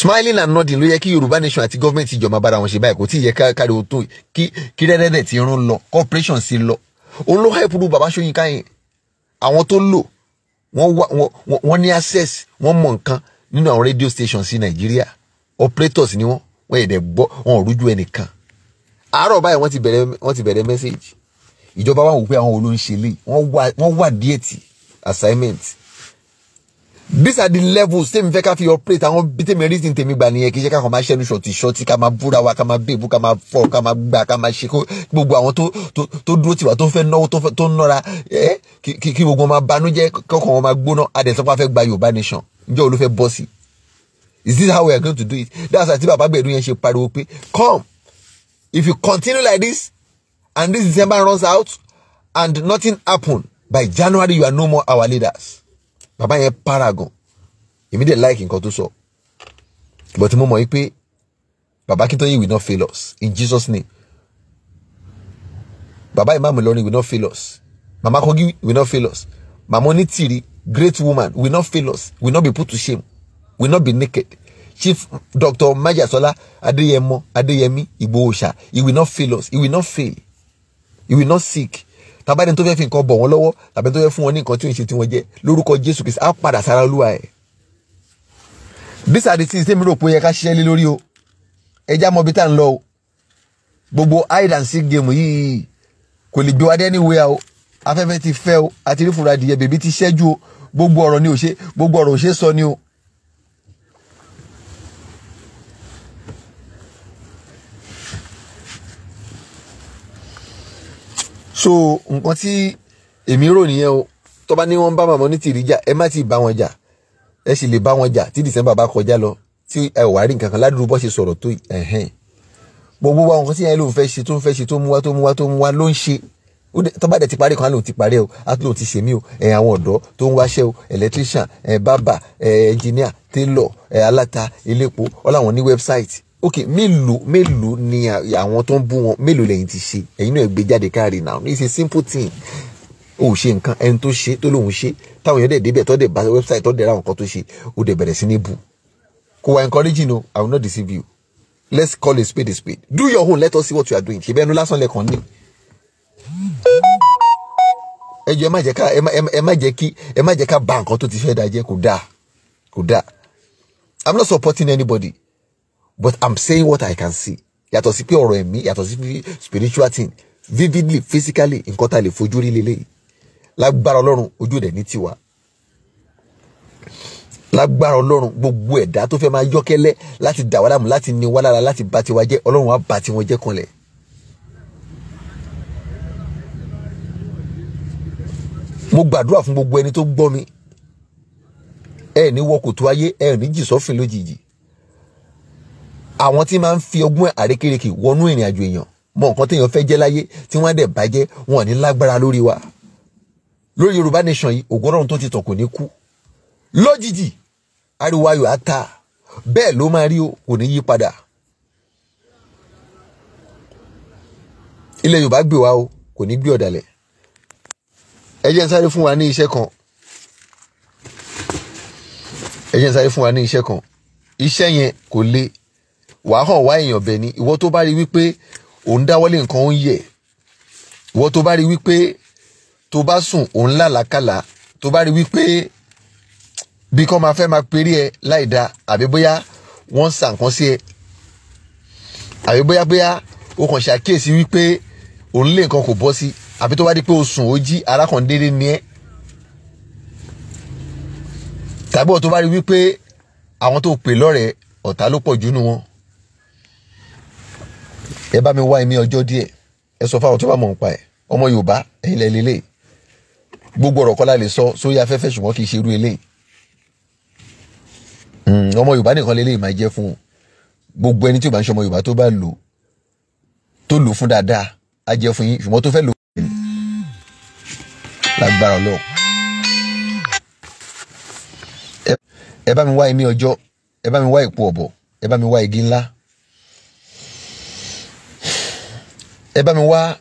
smiling and nodding ló yẹ kí yorùbá nation àti gọ́ọ̀mẹ̀ntì ìjọba bára wọn ṣe báyìí kò tí ì yẹ káríwó tó kí kí rẹ́rẹ́dẹ̀ ti rún lọ corporation sì lọ òun ló hẹ́pù rú bàbá Ṣóyínká yẹn àwọn tó lò wọ́n ní access wọ́n mọ̀ nǹkan nínú àwọn radio stations sí nàìjíríà operators ni wọ́n wọ́n yẹ̀ dẹ̀ gbọ́ wọn ò rújú ẹnìkan àárọ̀ báyìí wọ́n ti bẹ̀rẹ̀ wọ́n ti bẹ̀rẹ̀ mẹ́sáàgì ìjọba wa wò pé àwọn olóńṣe lè wọ́n wà díẹ̀ tì assignment these are the levels tèmi fẹ́ ká fi operate àwọn tèmi reason tèmi gbà nìyẹn kì í ṣe ká kàn máa ṣẹ́nu ṣọ̀tì ṣọ̀tì ká máa búra wa ká máa bèbú ká máa fọ̀ ká máa gbà ká máa ṣe gbogbo àwọn tó dúró tiwa tó fẹ́ náwó tó nọ́ra kí gbogbo wọn máa banújẹ́ kọ́kàn wọn máa gbóná adẹ̀sọ́pá fẹ́ gba Yorùbá nation ǹjẹ́ olú fẹ́ bọ́ sí i is this how we are going to do it that's why tí bàbá gbẹ̀dú yẹn ṣe pariwo pé come if you continue like this and this December runs out and nothing happen by January you are no more our leaders Baba yẹn paragon èmi dẹ̀ like nǹkan tó sọ but mo mọ̀ yí pé bàbá Akintoye will not fail us in Jesus name Baba, Imam Ilorin will not fail us Mama Kogi will not fail us Mama Onitiri great woman will not fail us will not be put to shame will not be naked. Chief Dr. Majasola Adeyemo Adeyemi Osha. he will not fail us. He will not fail. He will not seek. Tàbá ẹni tó fẹ́ fi nǹkan bọ̀ wọ́n lọ́wọ́ tàbí tó fẹ́ fún wọn ní nǹkan tí òun ṣe tí wọ́n jẹ́ lórúkọ Jésù Kristi á padà sára olúwa ẹ̀. These are the things tèmi rò pé ó yẹ ká ṣiṣẹ́ lé lórí o. Ẹja mọ ibi tá à lọ o. Gbogbo hide and seek game yìí kò lè gbé wa dé anywhere o. Afẹ́fẹ́ ti fẹ́ o àti rí fúnra bèbí ti ṣẹ́jú o. Gbogbo ọ̀rọ̀ ni ò ṣe gbogbo ọ̀rọ̀ ò ṣe sọ ni o. so nǹkan tí èmi rò nìyẹn o tó bá ní wọ́n bá màmá ní tìrí jà ẹ má ti bá wọn jà ẹ sì lè bá wọn jà tí December bá kọjá lọ tí ẹ wà rí nǹkan kan ládùúgbò bó ṣe sọ̀rọ̀ tó ẹ̀hẹ́n gbogbo wa nǹkan tí yẹn ló ń fẹ́ ṣe tó ń fẹ́ ṣe tó ń wá tó ń wá tó ń wá ti parí kan ló ti parí o àtúntò ti ṣèmí o ẹ̀ àwọn ọ̀dọ́ tó ń wáṣẹ́ o electrician ẹ̀ bábà ẹ̀ engineer tailor ẹ̀ aláta elépo ọ̀làwọn ní website ok mélòó mélòó ni àwọn tó ń bú wọn mélòó lẹ́yìn ti ṣe ẹ̀yin náà gbé jáde káàrí náà ní ṣe simple thing o ò ṣe nǹkan ẹni tó ṣe tó lóun ṣe táwọn èèyàn dẹ̀ débẹ̀ tó dẹ̀ bá wẹ́bsáìtì tó dẹ̀ ra nǹkan tó ṣe o dẹ̀ bẹ̀rẹ̀ sí ní bù kò wá encouraging o I will not deceive you let's call a spade a spade do your own let us see what you are doing ṣe bẹ́ẹ̀ nu lásán lẹ́kàn ní ẹ jọ̀ọ́ ẹ má jẹ́ ká ẹ má jẹ́ kí ẹ má jẹ́ ká bà nǹkan tó ti fẹ́ da kò dáa kò dáa i'm not supporting anybody but i'm saying what i can see yàtọ̀ sí pé ọ̀rọ̀ ẹ̀mí yàtọ̀ sí spiritual thing vividly physically nǹkan tá a lè fojú rí lélẹ́yìí lágbára ọlọ́run ojú rẹ̀ ní tiwa lágbára ọlọ́run gbogbo ẹ̀dá tó fẹ́ máa yọ́kẹ́lẹ́ láti dà wá láàmú láti ní wá lára láti bà tiwa jẹ́ ọlọ́run á bà tiwọn jẹ́ kanlẹ̀. mo gbàdúrà fún gbogbo ẹni tó gbọ́ mi ẹ ní wọ ayé ẹ ní jì lójijì àwọn tí máa ń fi ọgbọ́n àrékérekè wọnú ìrìn àjò èèyàn mọ nǹkan téèyàn fẹ́ jẹ́ láyé tí wọ́n á dẹ̀ bàjẹ́ wọn ò ní lágbára lórí wa lórí Yorùbá nation yìí ògbọ́rọ̀run tó ti tàn kò ní kú lójijì ariwo ayọ̀ á ta bẹ́ẹ̀ ló máa rí o kò ní yí padà ilẹ̀ Yorùbá gbé wa o kò ní gbé ọ̀dàlẹ̀ ẹ jẹ́ sáré fún wa ní iṣẹ́ kan ẹ jẹ́ sáré fún wa ní iṣẹ́ kan iṣẹ́ yẹn kò le wàá hàn wá èèyàn bẹ́ẹ̀ ni ìwọ tó bá rí wípé òun dáwọ́lé nǹkan ó ń yẹ̀ ìwọ tó bá rí wípé tó bá sùn òun làlákàlà tó bá rí wípé bí kò máa fẹ́ máa perí ẹ láì da àbí bóyá wọ́n ń sa nǹkan sí ẹ àbí bóyá bóyá o kàn ṣàkíyèsí wípé òun lé nǹkan kò bọ́ sí àbí tó bá di pé o sùn ó jí arákàndéédé ni ẹ tàbí ọ̀ tó bá rí wípé àwọn tó pè lọ́rẹ̀ẹ́ ọ̀tá ló pọ̀ jù nù wọn ẹ bá mi wá ẹ̀mí ọjọ́ díẹ̀ ẹ sọ fáwọn tó bá mọ̀ ń pa ẹ̀ ọmọ Yorùbá ẹ̀yin lẹ́ lélẹ̀ gbogbo ọ̀rọ̀ kọ́lá lè sọ sórí afẹ́fẹ́ ṣùgbọ́n kì í ṣe irú eléyìí hmm, ọmọ Yorùbá nìkan lélẹ̀ máa jẹ́ fún gbogbo ẹni tí ò bá ń ṣe ọmọ Yorùbá tó bá lò tó lò fún dáadáa á jẹ́ fún yín ṣùgbọ́n tó fẹ́ lò fún lágbára Ọlọ́run ẹ bá mi wá ẹ̀mí ọjọ́ ẹ bá mi wá ìpò ọ̀bọ̀ ẹ bá mi wá igi ńlá ẹ bá mi wá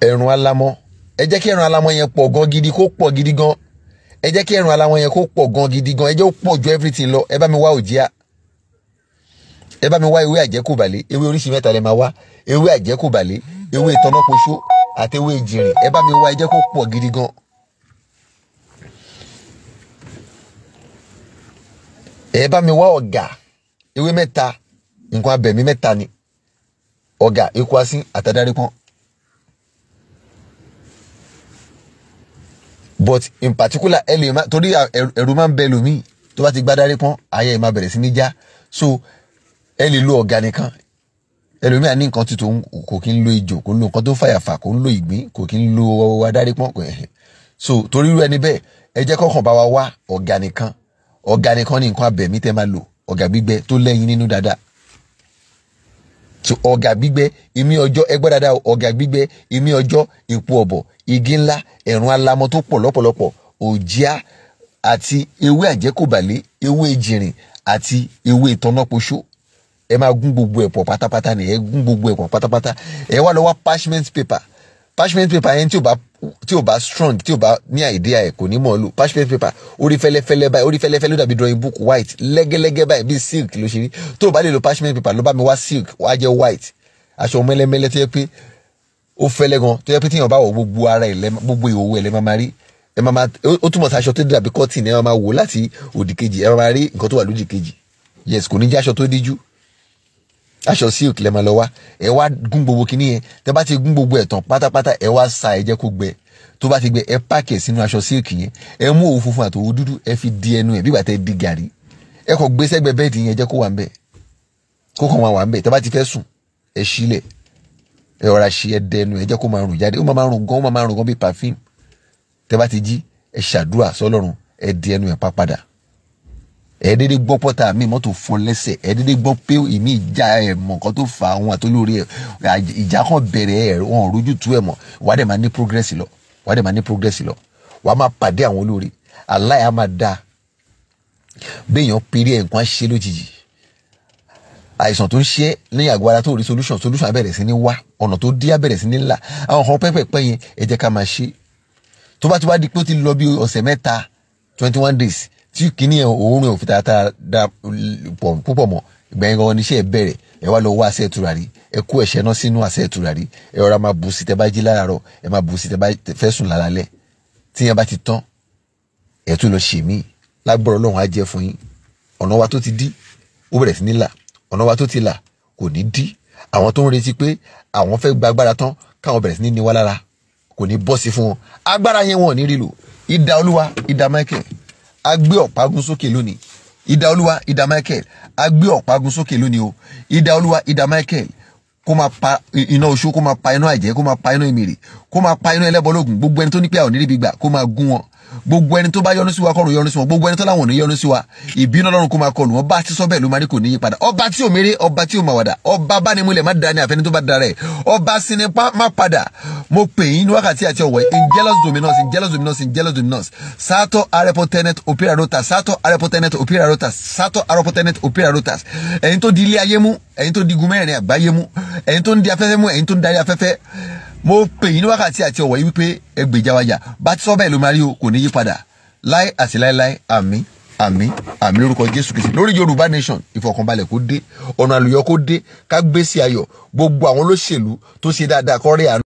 ẹ̀rùn alamọ ẹ jẹ́ kí ẹ̀rùn alamọ yẹn pọ̀ gan gidi kó pọ̀ gidi gan ẹ jẹ́ kí ẹ̀rùn alamọ yẹn kó pọ̀ gan gidi gan ẹ jẹ́ ó pọ̀ ju everything lọ ẹ bá mi wá òjíà ẹ bá mi wá ewé àjẹkùbàlẹ̀ ewé oríṣi mẹ́ta lẹ máa wá ewé àjẹkùbàlẹ̀ ewé ìtọ́nàpọ̀ṣọ́ àti ewé ìjìnrìn ẹ bá mi wá ẹ jẹ́ kó pọ̀ gidi gan. ẹ bá mi wá ọ̀gà ewé mẹ́ta nǹkan abẹ̀mí mẹ́ta ni ọ̀gá ekwasi àtàdárípọ́n but in particular ẹ lè má torí ẹ̀rù máa ń bẹ lómi tó bá ti gbá dárípọ́n ayé ẹ̀ máa bẹ̀rẹ̀ sí ní já so ẹ lè lo ọ̀gá nìkan ẹlòmíà ní nǹkan tuntun kò kí ń lo ìjò kò ń lo nǹkan tó fàyàfà kò ń lo ìgbín kò kí ń lo adárípọ́n kò so torí irú ẹni bẹ́ẹ̀ ẹ jẹ́ kọ́kàn bá wa wá ọ̀gá nìkan ọ̀gá nìkan ní nǹkan abẹ̀mí tẹ́ máa lò ọ̀gá gbígbẹ tó lẹ́yìn nínú dáadáa to ọ̀gà gbígbẹ ìmí ọjọ́ ẹgbẹ́ dáadáa ọ̀gà gbígbẹ ìmí ọjọ́ èpo ọ̀bọ̀ igi ńlá ẹ̀rùn alamọ tó pọ̀ lọ́pọ̀lọpọ̀ òjíà àti ewé àjẹkòbàlé ewé jìrìn àti ewé ìtọ́nàpoṣó ẹ máa gún gbogbo ẹ̀ pátápátá ni ẹ gún gbogbo ẹ̀ pọ̀ pátápátá ẹ wá lọ wá parchment paper parchment paper yẹn tí ò bá tí ò bá strong tí ò bá ní idea ẹ̀ kò ní mọ̀ lò parchment paper orí fẹ́lẹ́fẹ́lẹ́ báyìí orí fẹ́lẹ́fẹ́lẹ́ dàbí drawing book white lẹ́gẹ́lẹ́gẹ́ báyìí bíi silk ló ṣe rí tó o bá lè lo parchment paper ló bá mi wá silk wá jẹ́ white aṣọ mẹ́lẹ́mẹ́lẹ́ tó yẹ pé ó fẹ́lẹ́ gan tó yẹ pé tíyàn bá wọ gbogbo ara ẹ̀ gbogbo ìhòòhò ẹ̀ lẹ́ máa rí ẹ máa máa ó túmọ̀ sí aṣọ tó dàbí cotton ẹ máa máa wò láti òdì kejì ẹ máa máa rí nǹkan tó wà lódì kejì yes kò ní jẹ́ aṣọ tó díjú aṣọ silk lẹ máa lọ wá ẹ wá gún gbogbo kinní yẹn tẹ bá ti gún gbogbo ẹ̀ tán pátápátá ẹ wá sa ẹ jẹ́ kó gbẹ tó bá ti gbẹ ẹ pààkì ẹ sínú aṣọ silk yẹn ẹ mú òwú funfun àti òwú dúdú ẹ fi di ẹnu ẹ bí ìgbà tẹ di gàrí ẹ kọ gbé sẹ́gbẹ̀ bẹ́ẹ̀dì yẹn jẹ́ kó wà ń bẹ kó kàn wá ń bẹ tẹ bá ti fẹ́ sùn ẹ sílẹ̀ ẹ ọ̀rá ṣe ẹ dẹnu ẹ jẹ́ kó máa rùn jáde ó máa rùn gan ó máa rùn gan bíi perfume tẹ bá ti jí ẹ ṣàdúrà sọ́lọ́run ẹ di ẹnu ẹ pa padà ẹ̀ẹ́dẹ́dẹ́ gbọ́ pọ́tà mi mọ́tò fọ́ lẹ́sẹ̀ ẹ̀ẹ́dẹ́dẹ́ gbọ́ pé ìmí ìjà ẹ̀ mọ̀ nǹkan tó fa àwọn àtolórí ẹ̀ ìjà kan bẹ̀rẹ̀ ẹ̀ wọn rojú tú ẹ̀ mọ̀ wàá dẹ̀ máa ní progress lọ wàá dẹ̀ máa ní progress lọ wàá máa pàdé àwọn olórí aláya máa da béèyàn péré ẹ̀ nǹkan á ṣe lójijì àìsàn tó ń ṣe ní àgọ́ ara tó rí solution solution á bẹ̀rẹ̀ sí ní wá ọ̀nà tó dí á bẹ̀rẹ̀ sí ní là àwọn kan pẹ́pẹ́pẹ́ yẹn ẹ jẹ́ ká máa ṣe tó bá ti wá di pé ó ti lọ bí ọ̀sẹ̀ mẹ́ta twenty one days tí kìíní yẹn òórùn ò fi tata da púpọ̀ mọ́ ìgbẹ̀yìn gan oníṣẹ́ ẹ bẹ̀rẹ̀ ẹ wá lọ wá àṣẹ tùràrí ẹ kó ẹ̀ṣẹ̀ náà sínú àṣẹ tùràrí ẹ ọ̀rọ̀ máa bù sí tẹ bá ẹ máa bù sí tẹ bá sùn lálálẹ́ tí yẹn bá ti tán ẹ tún lọ ṣe mí lágbọ̀rọ̀ ọlọ́run á jẹ́ fún yín ọ̀nà wa tó ti dí ó bẹ̀rẹ̀ sí ní là ọ̀nà wa tó ti là kò ní dí àwọn tó ń retí pé àwọn fẹ́ gba agbára tán káwọn bẹ̀rẹ̀ sí ní ní wá kò ní bọ́ sí fún wọn agbára yẹn wọn ò ní rí lò ìdá olúwa ìdá Michael a gbé ọ̀págun sókè lónìí idà olúwa idà michael a gbé ọ̀págun sókè lónìí o idà olúwa idà michael kó máa pa iná oṣó kó máa pa iná àjẹ́ kó máa pa iná ìmìrì kó máa pa iná ẹlẹ́bọlógún gbogbo ẹni tó ní pé a ní ríbi gbà kó máa gún wọn gbogbo ẹni tó bá yọ́nú sí wa kọ́run yọ́nú sí wọn gbogbo ẹni tó láwọn ò ní yọ́nú sí wa ìbínú Ọlọ́run kó máa kọlù wọn bá ti sọ bẹ́ẹ̀ ló máa ní kò ní yí padà ọba tí ò méré ọba tí ò máa wàdà ọba bánimúlẹ̀ má dání àfẹni tó bá dára ẹ̀ ọba sinipa má padà mo pè yín ní wákàtí àti ọ̀wẹ́ in jealous dominus in jealous dominus in jealous dominus sato arepotenet tenet opera rotas sato arepotenet tenet opera rotas sato arepotenet tenet opera rotas ẹ̀yin tó di ilé ayé mú ẹ̀yin tó di igun mẹ́rin àgbáyé mú ẹ̀yin tó ń di afẹ́fẹ́ mú ẹ̀yin tó ń darí afẹ́fẹ́ mo pè yín ní wákàtí àti ọ̀wọ̀ yìí wípé ẹ gbèjà wa jà bá ti sọ bẹ́ẹ̀ ló máa rí o kò ní yí padà láé àti láéláé àmín àmín àmín lórúkọ jésù kìsì lórí yorùbá nation ìfọkànbalẹ̀ kó dé ọ̀nà àlùyọ kó dé ká gbé sí ayọ̀ gbogbo àwọn olóṣèlú tó ṣe dáadáa kó rí àánú.